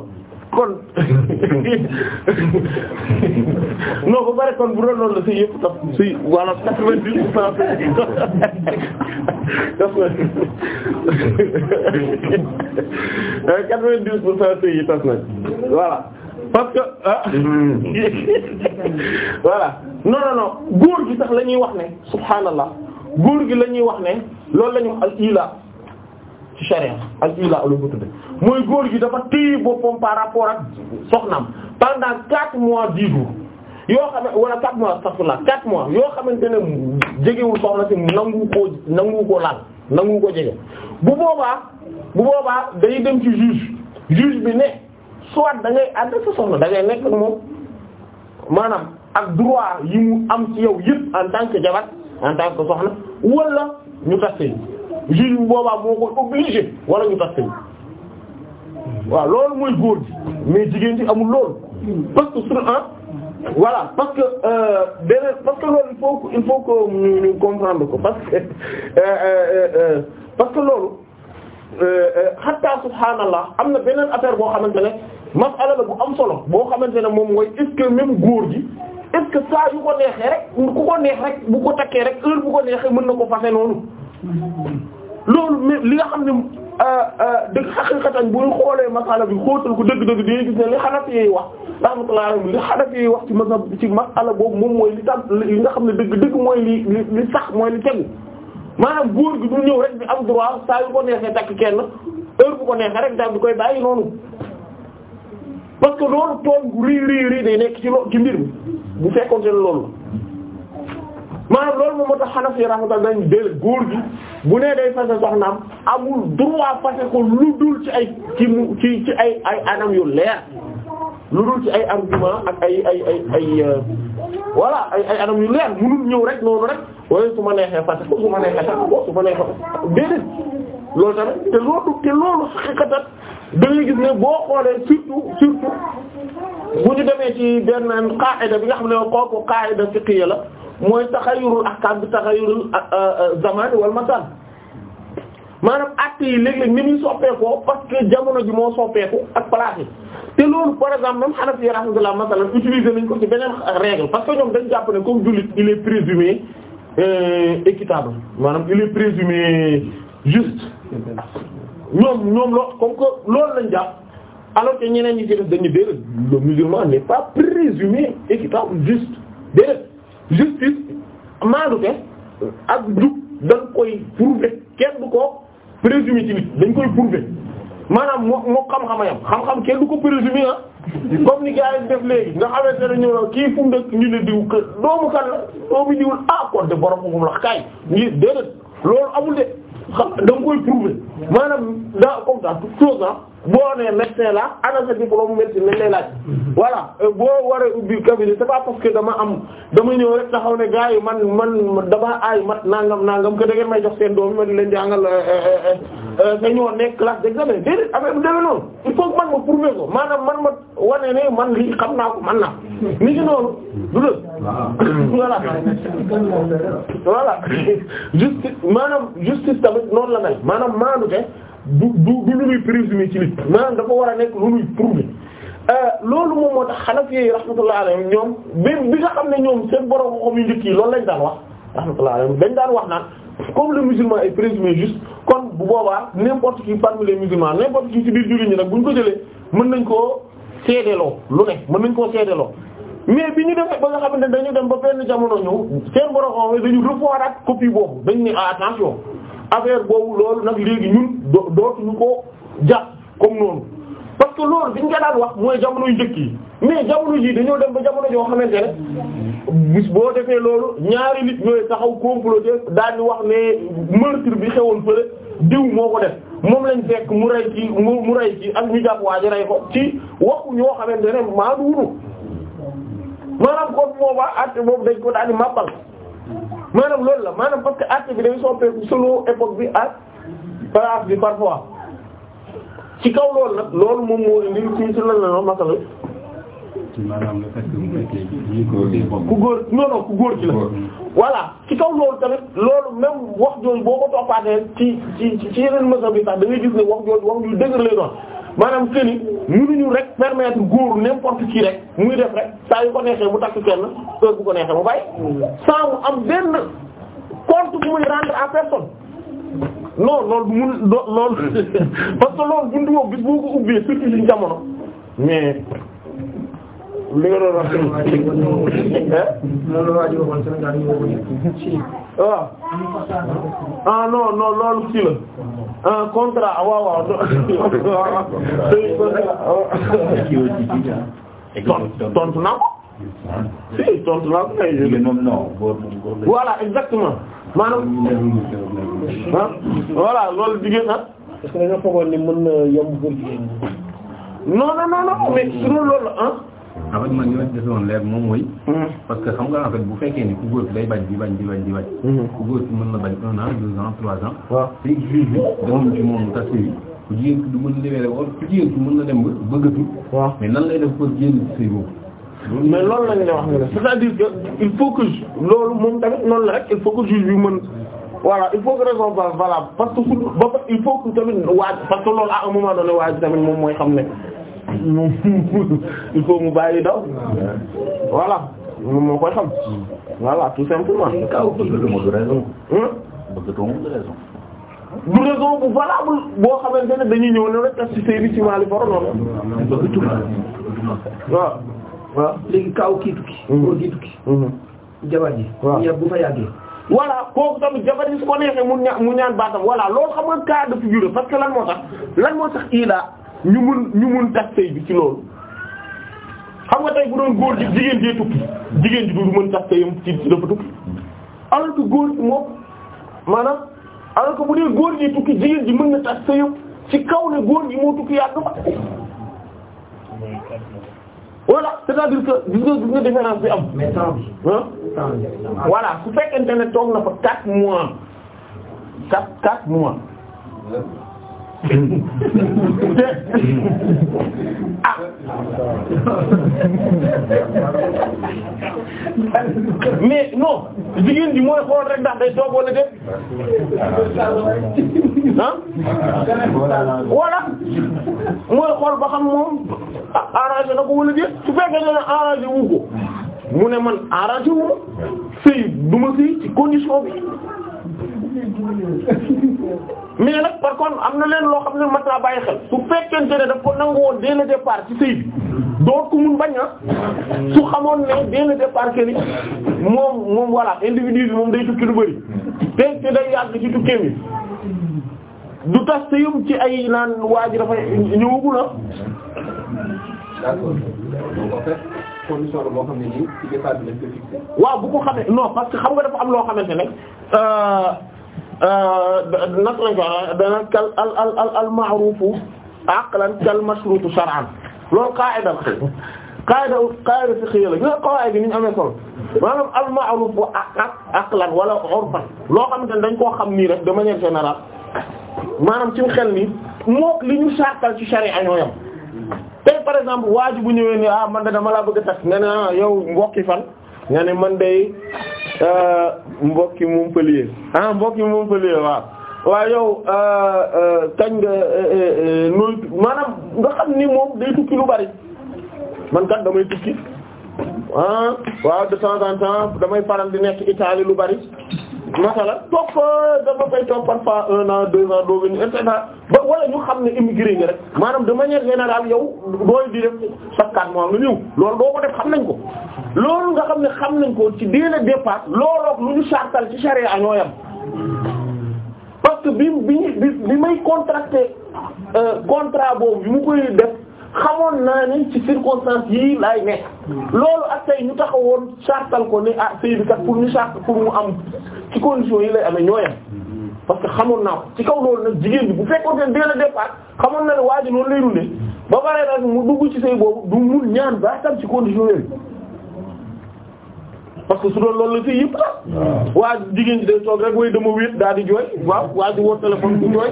kon non ba kon bu doon loolu la sëy yëpp tas sëy wala quatre-vingt-dix pour cent tas na tas na voilà. parce que ah voilà non góor gi sax la ñuy wax ne subhaanallah góor gi la ñuy wax ne loolu lañu ñuy wax al ci charia al ila lu ko tudde mooy góor gi dafa téye boppam par rapport ak soxnaam pendant quatre mois dix jours yoo xam ne wala quatre mois astaghfirullah quatre mois yoo xamante ne jegewul soxna si nangu koo nangu koo laal nangu ko jege bu boobaa bu boobaa day dem ci juge juge bi ne. soit da ngay ànd ak sa soxna da nekk ak moom maanaam ak droit yi mu am ci yow yëpp en tant que jabar en tant que soxna wala ñu tas sëy juge bu boobaa moo koy obligé wala ñu tas sëy waaw loolu mooy góor ji mais jigéen ji amul loolu parce que sur un voilà parce que euh, beneen parce loolu il faut il faut que ñu ñu comprendre ko parce que euh, euh, parce que loolu xataa subhaanallah am na beneen affaire boo xamante ne masala la bu am solo boo xamante ne moom mooy est-ce que góor gi est-ce que saa yu ko neexee rek ku ko neex rek bu ko takkee rek heure bu ko neexee mën na ko fase noonu loolu li nga xam ne euh, euh, dëgg xaqiqatan bu xoolee masala bi xóotal ko dëgg-dëgg day gis ne li Hanafi wax rahmatullah li Hanafi yi wax ci masala ci masala boobu moom mooy li tam li nga xam ne dëgg-dëgg mooy li li sax mooy li tegu maanaam góor gi du ñëw rek bi am droit saa yu ko neexee takk kenn heure bu ko neexee rek daal di koy bàyyi noonu parce que loolu tooñ gu rii rii day nekk ci lo ci mbir mu bu fekkoon seen loolu maanaam loolu moom moo tax xanaf yi rahmatullah dañ del góor gi bu nee day fase soxnaam amul droit fase ko lu dul ci ay ci ci ci ay ay anam yu leer lu dul ci ay argument ak ay ay ay ay euh, voilà ay ay anam yu leer mënul ñëw rek noonu rek wala su ma neexee fase ko su ma neexee takk ko su ma neexee déedéet loolu tamit te loolu te loolu xaqiqatan dañuy gis ne boo xoolee surtout surtout bu ñu demee ci benn qaa'ida bi nga xam ne kooku qaa'ida fiqhiyya la mooy taxayyurul ahkaam bi taxayyurul zaman wal makan maanaam actes yi léeg-léeg ni muy soppeekoo parce que jamono ji moo soppeeku ak place yi te loolu par exemple même Hanafi rahmatullah masalan utiliser nañ ko ci beneen règle parce que ñoom dañ jàpp ne comme jullit il est présumé euh, équitable maanaam il est présumé juste ñoom ñoom loo comme que loolu lañ jàpp alors que ñeneen ñi ci def dañu déedéet le musulman n'est pas présumé équitable juste déedéet justice maanute ak jub dañ koy prouver kenn du ko présumer ci dañ koy prouver maanaam moo moo xam-xama yam xam-xam kenn du ko présumer ah ni gars yi léegi nga xamante ne ñu la kii fu ñu ne diw kër doomu kan la doomu diwul ah kon de borom xamum la kaay ñu déedéet loolu amul de da nga koy prouver maanaam daa comme ça tout chose boo nee médecin la ana sa diplôme médecine lañ lay laaj voilà boo waree ubbi cabinet c'est pas parce que dama am dama ñëw rek taxaw ne gaa yi man man dama aay mat nangam nangam que da ngeen may jox seen doom ma di leen jàngal nga euh, euh, euh, ñëw nekk classe d'examen déedéet affaire bi demee noonu il faut que man ma prouver ko maanaam man ma wane ne man lii xam naa ko man naa ni ngi noonu du la voilà justice maanaam justice tamit noonu la mel maanaam maandu te du du du lu ñuy présumer ci nit maanaam dafa war a nekk lu ñuy prouver euh, loolu moom moo tax xanafi yi rahmatullahi alayhim ñoom bi bi nga xam ne ñoom seen borom xam yu njëkk yi loolu lañ daan wax rahmatullahi alayhim dañ daan wax naan comme le musulman est présumé juste kon bu boobaa n'importe qui parmi les musulmans n'importe qui ci biir jullit ñi nag bu ñu ko jëlee mën nañ koo loo lu ne mën nañ koo seedeloo mais bi ñu defee ba nga xam ne dañu dem ba benn jamono ñëw seen borom xam dañu revoir ak copie boobu dañ ne ah, attention affaire boobu loolu nag léegi ñun dootuñu ko jàpp comme noonu parce que loolu bi ñu ko daan wax mooy jamono yu njëkk yi mais jamono jii dañoo dem ba jamono joo xamante ne bis boo defee loolu ñaari nit ñooy taxaw comploter daal di wax ne meurtre bi xewoon fële diw moo ko def moom lañ fekk mu rey ci mu mu rey ci ak ñu jàpp waa ji rey ko ci waxu ñoo xamante ne maa duuru maanaam kon boobaa at boobu dañ ko daal di màppal maanaam loolu la maanaam parce que acte bi day soppeeku selon époque bi ak place bi parfois ci kaw loolu nag loolu moom moo indi ci ci lan la masala maanaam nga fekk mu fekkee ji. ku góor non non ku góor ci la. voilà ci kaw loolu tamit loolu même wax jooju boo ko toppaatee ci ci ci yeneen maso bi sax da ngay gis ne wax jooju wax ju dëgër lay doon maanaam que ni mënuñu rek permettre góor n'importe qui rek muy def sa saa yu ko neexee mu takk kenn heure bu ko neexee mu bàyyi. saa mu am benn compte bu muy rendre à personne. non loolu mun loolu parce que loolu buntu boobu bis boo ko ubbee surtout liñ jamono mais. li nga doon wax waaw eh? ah. ah non non loolu ci la un contrat ah, waaw waaw tontu naa ko si tontu naa ko kay voilà exactement maanaam ah, voilà loolu jigéen ah est-ce que dañoo foogoon ni mën na yomb góor jigéen non non non non mais sur loolu ah en fait man li ma ci desoon leer moom mooy. Hmm. parce que xam nga en fait bu fekkee ni ku góor ki day bañ di bañ di bañ di bañ. Hmm. ku góor ki mën na bañ un an deux ans trois ans. waaw te juge bi demul ci moom tas bi ku jigéen ki du mën na demee rek wala ku jigéen ki mën na dem ba bëggatu. waaw mais nan lay def pour génn ci sëy boobu. mais loolu la ñu ne wax nga ne c'est-à-dire que il faut que loolu moom tamit noonu la rek il faut que juge bi mën. voilà il faut que raison valable parce que su ba il faut que tamit waaj parce que loolu à un moment donné waaj tamit moom mooy xam ne. moom il faut mu bàyyi daw voilà moom moo koy xam voilà tout simplement. kaw bëgg du raison. Hmm? bëgg du raison. du raison bu valable boo xamante ne dañuy ñëw ne rek tas ci séeréer ci Mali foro noonu. bëgg tukki waaw waaw. léegi kaw kii tukki. Hmm. góor gi tukki. Hmm. jabar ji. waaw ñebe bu fa yàggee. voilà kooku tamit jabar ji su ko neexee mu ñaan mu ñaan baatam voilà loolu xam nga ñu mun ñu mun tas bi ci loolu xam nga tey bu doon góor ji jigéen jee tukki jigéen ji du mën tas sëyam ci dafa tukki alors que góor ji moom maanaam alors que bu dee góor ji tukki jigéen ji mën na tas sëyam ci kaw na góor ji moo tukki yàgg ma voilà c'est-à-dire que gis nga gis nga différence bi am. mais temps bi. voilà su fekkente ne toog na fa 4 mois 4 4 mois. te ah mais non jigéen ji mooy xool rek ndax day toog wala déet ah voilà mooy xool ba xam moom arrangé na ko wala déet su fekkee ne arrangé wu ko mu ne man arrangé wu ma sëy du ma sëy ci condition bi mais na par contre am na leen loo xam ne mat naa bàyyi xel su fekkente ne daf ko nangu woon dès le départ ci sëy doot ko mun bañ a su xamoon ne dès le départ que moom moom voilà individu bi moom day tukki lu bari te te day yàgg ci tukkee bi du tas sëyum ci ay naan waa ji dafa ñëwagul ah. xam ne nii waaw bu ko xamee non parce xam nga dafa am loo xamante ne. Euh, Euh, naka lañ ko dana kal al al al al ma'rufu aqlan kal mashrutu shar'an loolu qaa'ida la qaa'ida qaa'ida fiqhiyya la gis nga qawaa'id ni ñu amee solo maanaam al ma'ruf aqlan wala urfan loo xam ne dañ koo xam nii rek de manière générale maanaam ci xel ni mook li ñu sàkkal ci sharia ñoo yam tey par exemple waa ji bu ñëwee ni ah man de dama laa bëgg a takk nga ne ah, yow mbokki fan. nga ne man day euh, mbokki Montpellier ah mbokki Montpellier waaw waaw yow euh, euh, kañ nga nooy maanaam nga xam ni moom day tukki lu bari man kat damay tukki ah waaw de temps en damay paral di nekk Italie lu bari masala topp dafa fay toog parfois un an deux ans doo et cetera ba wala ñu xam ne immigré nga rek maanaam de manière générale yow dooy di def chaque quatre mois nga ñëw loolu doo ko def xam nañ ko loolu nga xam ne xam nañ ko ci dès le départ loolook lu ñu sartal ci charia ñoo yam parce que bi bi bi may contracté euh, contrat boobu bi mu koy def xamoon naa ne ci circonstances yi laay nekk loolu ak tey ñu taxawoon sartal ko ne ah bi kat pour ñu sart pour mu am ci conditions yi lay amee ñooyam parce que xamoon naa ci kaw loolu nag jigéen bi bu fekkoon ne dès le départ xamoon na ne waa ji noonu lay dundee ba pare nag mu dugg ci sëy boobu du mun ñaan ba tam ci conditions yooyu parce que su doon loolu la fii yëpp la ah. waa jigéen ñi day toog rek way dama wéet daal di jooy waaw waa ji woo téléphone bu jooy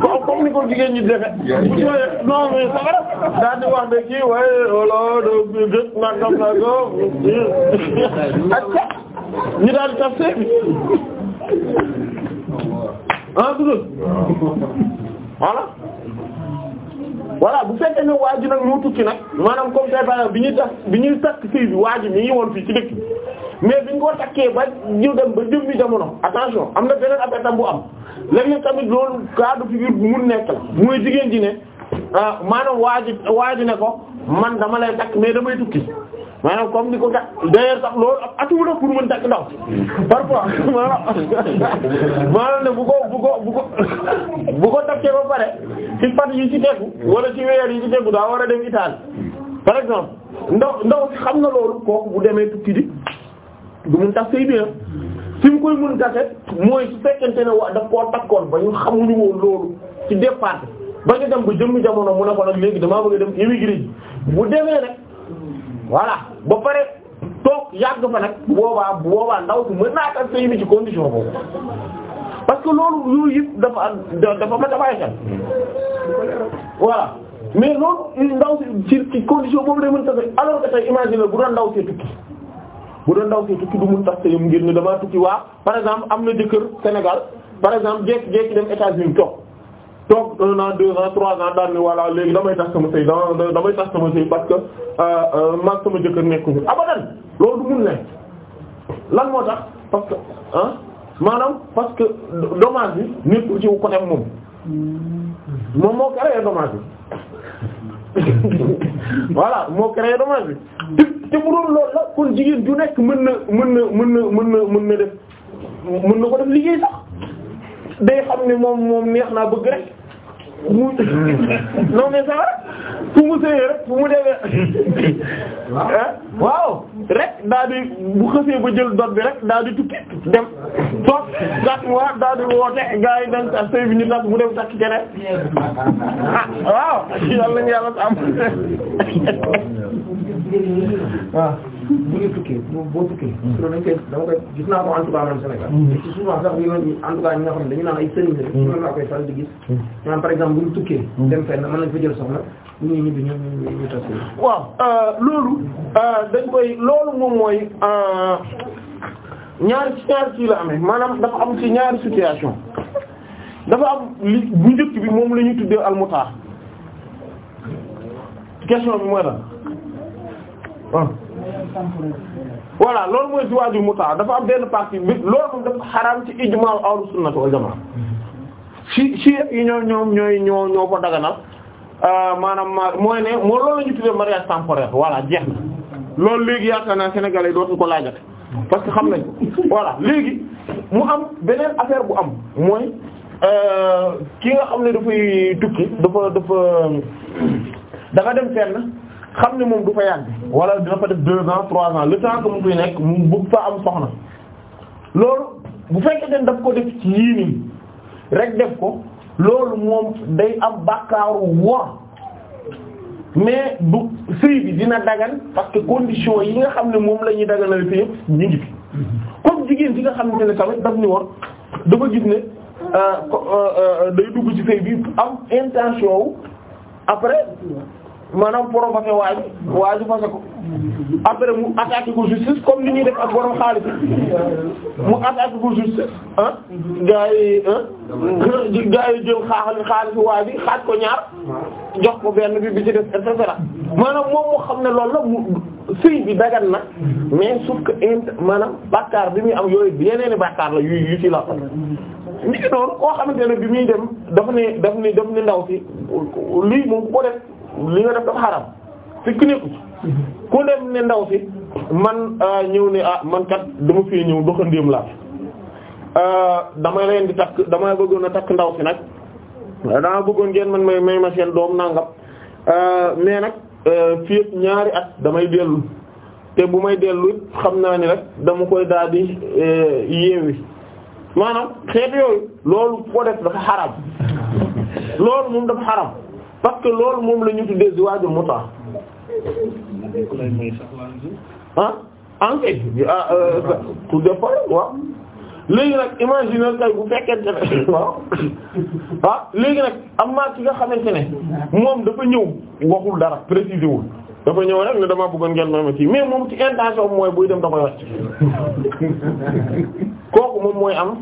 comme comme ni ko jigéen ñi defe bu jooyee non mais sax daal di wax ne kii waaye wala do gët nangam na go acca ñu daal di taf see ah voilà bu fekkee ne waa ji nag moo tukki nag maanaam comme tey par bi ñuy tax bi ñuy takk sëy bi waa ji mi ngi woon fii ci dëkk mais bi ñu ko takkee ba ñu dem ba jëmmi jamono attention am na beneen affaire tam bu am léeg-léeg tamit loolu cas de figure bu mun nekk la muy jigéen ji ne ah maanaam waa ji waa ji ne ko man dama lay takk mais damay tukki maanaam comme ni ko kat d'ailleurs sax loolu ab atout la pour mën takk ndaw parfois maanaam maanaam ne bu ko bu ko bu ko bu ko takkee ba pare ci fan yi ci tegu wala ci weer yi ci tegu daa war a dem Italie par exemple ndaw ndaw si xam na loolu kooku bu demee tukki di du mën tax sëy bi fi mu koy mën tase mooy su fekkente ne waa daf koo takkoon ba ñu xamuñu woon loolu ci départ ba nga dem ba jëmm jamono mu ne ko nag léegi damaa bëgg dem émigré ji bu demee rek voilà ba pare toog yàgg fa nag bu boobaa bu boobaa ndaw si mën naa ko ak ci condition boobu parce que loolu yooyu yëpp dafa am dafa ma dafa ay xel voilà mais loolu ndaw si ci condition boobu lay mën a sëy alors que tey imaginer bu doon ndaw see tukki bu doon ndaw see tukki du mun tax sëyam ngir ne damaa tukki waa par exemple am na jëkkër senegal par exemple jékki-jékki dem États-Unis toog toog un an deux ans trois ans daal ni léegi damay tax sama sëy damay tax sama sëy parce que euh, man sama jëkkër nekkuñu abadan loolu du mun ne lan moo tax parce que ah maanaam parce que dommage bi nekkul ko côté moom moom moo créé dommage bi voilà moo créé dommage bi te te bu doon loolu la kon jigéen ju nekk mën na mën na mën na mën na mën def mën na ko def liggéey sax day xam ne moom moom neex naa bëgg rek mu non mais ça va fu mu sëyee rek fu mu demee waaw rek daa di bu xësee ba jël dot bi rek daa di tukki dem toog gàtt waa daa di woote gars yi dañ sa sëy bi ñu tas mu dem takk keneen ah, waaw yàlla nañu yàlla am bu ñu tukkee bu boo tukkee. Hmm. loolu dañ koy dama koy gis naa ko en tout cas man Sénégal. Hmm. sax ñu en tout cas xam ne dañu naan ay sëriñ la. ñu hmm. laa koy faral di nañ fa jël soxna bu ñuy ñibbi ñu ñu ñu tas. Euh, loolu euh, dañ koy loolu moom mooy euh, ñaari ñaari maanaam dafa am ci ñaari situation dafa am bu njëkk bi moom lañuy ñuy tuddee almutaa question bi mooy lan. voilà loolu mooy ziwaajul mutaa dafa am benn partie bi loolu moom dafa xaraam ci ijmaa ahlus sunnati wal jamaa ci ci yi ñoo ñoom ñooy ñoo ñoo ko daganal euh, maanaam mooy ne moo loolu la ñu tuddee mariage temporaire voilà jeex na loolu léegi yaakaar naa Sénégalais dootuñu ko laajate parce que xam nañ voilà léegi mu am beneen affaire bu am mooy euh, ki nga xam ne dafay tukki dafa dafa da dem fenn xam ne moom du fa yàgg wala dina fa def deux ans trois ans le temps que mu koy nekk mu bëgg fa am soxna loolu bu fekkee ne daf ko def ci yii nii rek def ko loolu moom day am bàkkaaru wor mais bu sëy bi dina dagan parce que condition yi nga xam ne moom la ñuy daganal fi yëpp ñu fi comme jigéen si nga xam ne tamit daf ni war dafa gis ne euh, euh, euh, day dugg ci sëy bi am intention après maanaam borom fase waaju waaju fase ko après mu attaqué ko justice comme li ñuy def ak borom xaalis mu attaqué ko justice ah gars yi ah gars yi jël xaalis waa ji xaaj ko ñaar jox ko benn bi bi ci def et cetera maanaam moom moo xam ne loolu la mu sëy bi dagan na mais sauf que int maanaam bàkkaar bi muy am yooyu yeneeni bàkkaar la yu yu ci la nit ki noonu koo xamante ne bi muy dem daf ne daf ne daf ne ndaw si lii moom ko def li nga def dafa xaram fi ku nekku ku dem ne ndaw si man euh, ñëw ne ah man kat dama fee ñëw doxandéem laa euh, dama leen di takk dama bëggoon a takk ndaw si nag dama bëggoon ngeen man may may ma seen doom nangam euh, mais nag fii ak ñaari at damay dellu te bu may dellu xam naa ni rek dama koy daal di yeewi maanaam xeet yooyu loolu ko def dafa xaram loolu moom dafa xaram parce que loolu moom la ñu tuddee ziwaajul muta ah enquête tout dépend waaw léegi nag imaginer kay bu fekkente ne waaw ah, léegi nag am naa ki nga xamante ne moom dafa ñëw waxul dara préciser wul dafa ñëw rek ne damaa bëggoon ngeen may ma ci mais moom ci intention mooy buy dem da koy kooku moom mooy am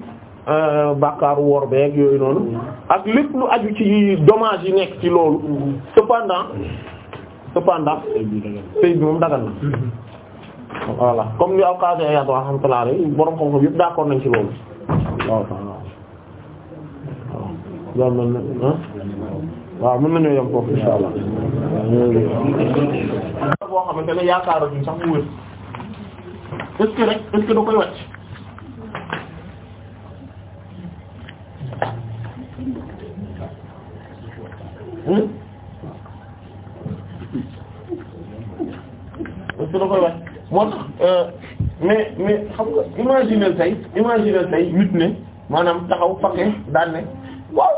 Euh, bàkkaaru woor beeg yooyu noonu ak lépp lu aju ci dommage yi nekk ci loolu cependant cependant sëy bi moom dagal na voilà comme ni alxaasi ay yaatu alxamtulaa rek borom xam-xam yëpp d'accord nañ ci loolu waaw waaw mën na ah. waaw mën foofu insha allah boo xamante ne sax mu wér est rek est da koy wàcc su la koy wax moo tax euh, mais mais xam nga imaginer tey imaginer tey nit ne maanaam taxaw faqe daan ne waaw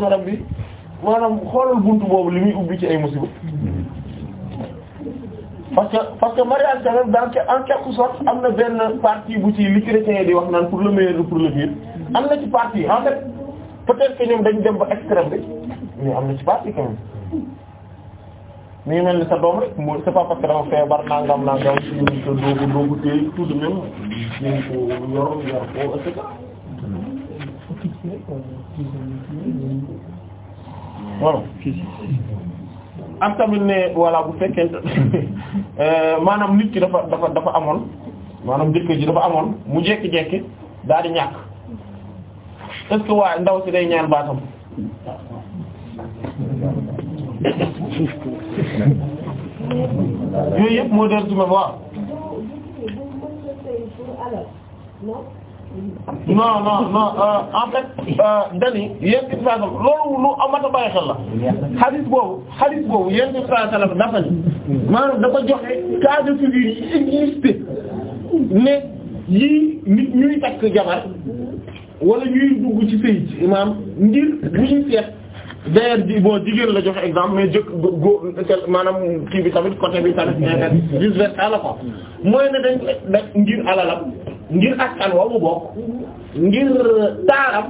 na ko da buntu boobu li muy ubbi ci ay musiba parce que parce que mariage tamit dans en quelque sorte am na benn partie bu ci li chrétien di wax naan pour le meilleur ou pour le am na ci partie en fait peut-être ñoom dañ dem ba extrême bi mais am na ci partie quand même mi ngi mel ni sa doom rek mu c'est pas parce que dafa feebar nangam nangam suñu sa doogu doogu téy tout de même ñu ko yor yor ko et cetera voilà ak tamit ne voilà bu fekkee euh, maanaam nit ki dafa dafa dafa amoon maanaam jëkkër ji dafa amoon mu jekki-jekki daal di ñàkk est-ce que waa ndaw si day ñaan baatam yooyu yëpp moo der du non non non en fait dani yéen ci loolu lu amata bàyyi la xadis boobu xadis boobu yéen ci saa sallam dafa ni maanaam dafa joxe cas de figure yi existé ne yii nit ñuy takk jabar wala ñuy dugg ci sëy ci maanaam ngir bu ñuy seet d'ailleurs ji jigéen la joxe example mais jëkk góor maanaam kii bi tamit côté bi tamit nekk vice versa la ko mooy ne dañ ngir alalam ngir askan wa mu bokk ngir taaram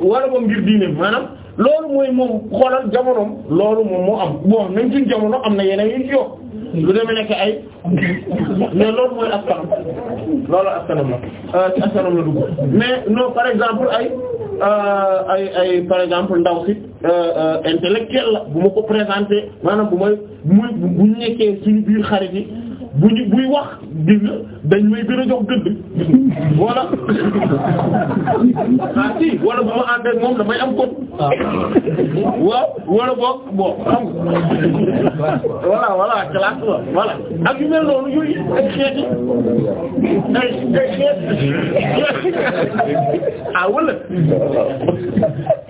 wala moom ngir diineem maanaam loolu mooy moom xoolal jamonoom loolu moom moo am bon même suñ jamono am na yeneen yu ci yokk lu demee nekk ay mais loolu mooy askanam loolu askanam la euh, la dugg mais non par exemple ay euh, ay ay par exemple ndaw si euh, intellectuel la bu ma ko présenter maanaam bu may muy bu nekkee suñu biir xarit yi bu ñu buy wax gis nga dañ may gën a jox wala ah si wala bu ma ànd ak moom damay am kot ah. waaw wala boog bon xam nga voilà voilà yu mel ay xeet yi ay ah,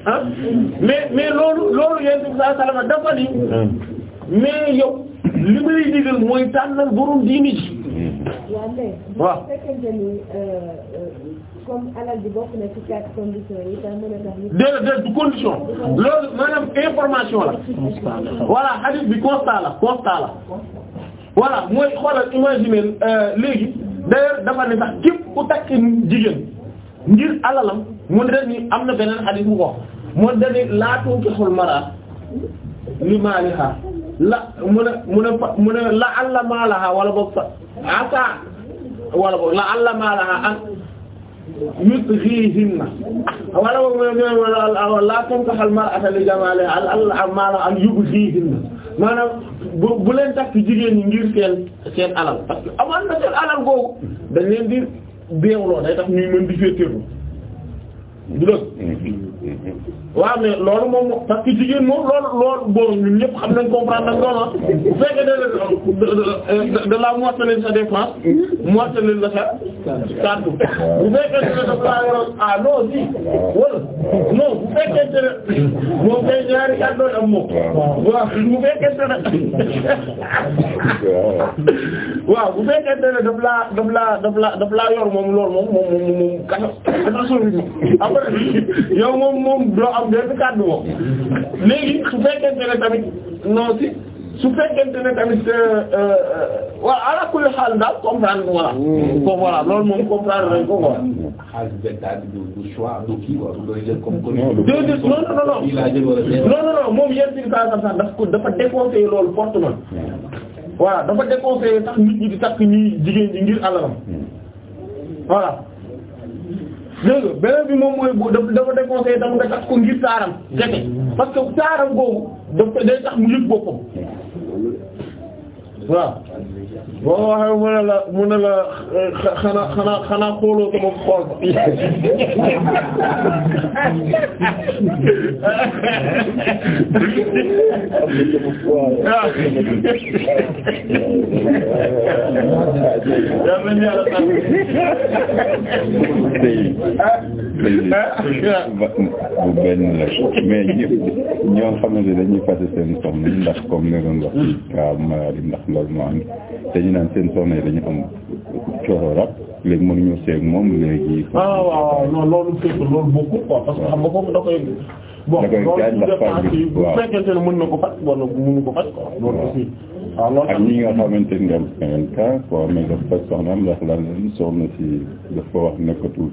ah. mais mais loolu loolu yéen di saa salama dafa ni hmm. mais yow li may digal mooy tànnal borom diini ni euh, euh, ci quatre a tax. déedéet condition. loolu maanaam information la. voilà hadith bi constat la constat la. voilà mooy xoolal imaginer euh, léegi d'ailleurs dafa ne sax képp ku jigéen ngir alalam mu ne am na beneen hadith bu ko wax mu ne ni laa li maalihaa la mu ne mu ne fa la alla maalaha wala boog fa asa wala boog la alla maalaha an yutghihinna wala boog mu ne la tankaxal mar'ata li jamaliha la alla maalaha an yubghihinna maanaam bu bu leen takk jigéen ñi ngir seen seen alal parce que amoon na seen alal googu dañ leen di beewloo day tax ñuy mën di féeteeru du dëgg waaw mais loolu moom parce que jigéen moom loolu loolu bon ñun ñëpp xam nañ comprendre nag loolu bu fekkee da da la mottali sa dépense mottali la sa kàddu bu fekkee ne dafa laa yoroon si wala non bu fekkee moom kay ñaari kàddu am moom waaw bu fekkee ne moom loolu moom moom moom kaso kaso après yow moom moom doo am am benn kàddu moom léegi su fekkente ne tamit non si su fekkente ne tamit euh, euh, waa ala kulli xaal moom comprendre nañ ko quoi. xaalis benn daal du du choix du kii quoi du doy jël comme. déedéet non non non non non non moom yéen si saa sax ko dafa déconseillé loolu fortement. voilà dafa déconseillé sax nit ñi di takk ñuy jigéen ñi ngir alalam. voilà. dégg nga beneen bi moom mooy bu dafa déconseillé tam nga tax ko ngir taaram kese parce que taaram googu daf day tax mu yëg boo ko waxee la mu la xanaa xanaa xanaa xooloo ko moom xool ba bu benn la mais ñëpp ñoo xamante dañuy fase seen soxna ndax comme ne doon wax waaw ma di ndax loolu moo am dañu naan seen soxna yi dañu am coro rab léegi mënuñu seeg moom léegi. ah waaw non loolu fekk loolu loolu bu mën na ko faj wala mënu ko faj quoi. loolu aussi waaw ah, loolu ak ñi nga xamante ni nga am cas quoi mais dafa faj soxnaam ndax lan soxna si dafa wax nekkatul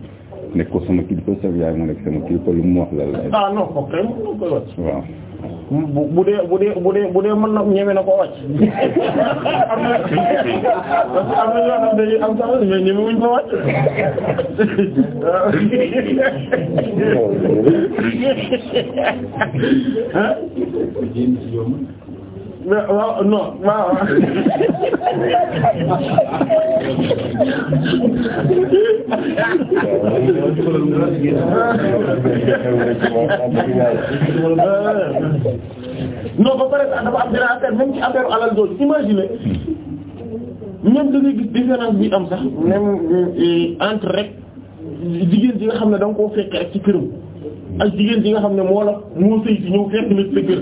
nekkul sama kilifa sa yaay mu nekk sama kilifa lu mu wax la. Ah, waaw. bu bu dee bu dee bu dee bu dee mën na ñeme na ko wàcc am na am na ñoo xam wuñ ko waaw non waaw non ba pare dafa am benn affaire même ci affaire alal doon imagine même da ngay gis différence bi am sax même euh, entre rek jigéen ji nga xam ne da nga koo fekk rek ci këram ak jigéen ji nga xam ne moo la moo sëy ci ñëw fekk la ci sa kër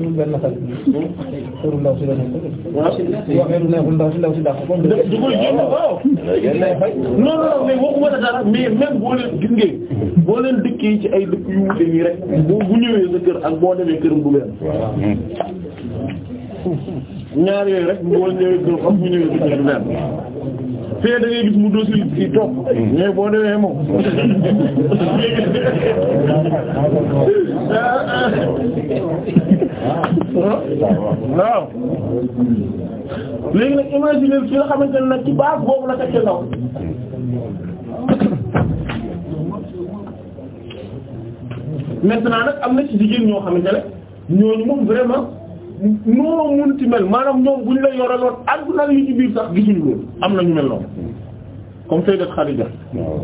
suñu benn xel. turu ndaw si la nekk. waaw waxee lu neexul ndaw si ndaw si boo leen gis ci ay dëkk yu wute nii rek. boo bu ñëwee sa kër ak boo demee këram du leen. ñaar yooyu rek boo ñëwee këram ak bu ñëwee du leen. fee da ngay gis mu dos yi toog mais boo demee moom waaw léegi nag imaginer fi nga xamante ne nag ci base boobu la teg ndaw maintenant nag am na ci jigéen ñoo xamante ne ñooñu moom vraiment noo mun ci mel maanaam ñoom buñ la yoreloon adduna li ci biir sax gisuñu loolu am na ñu mel noonu comme sayyidat Khadija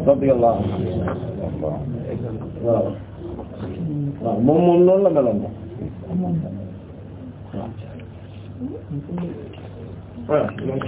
radiyallahu anha waaw waaw moom moom noonu la meloon waaw.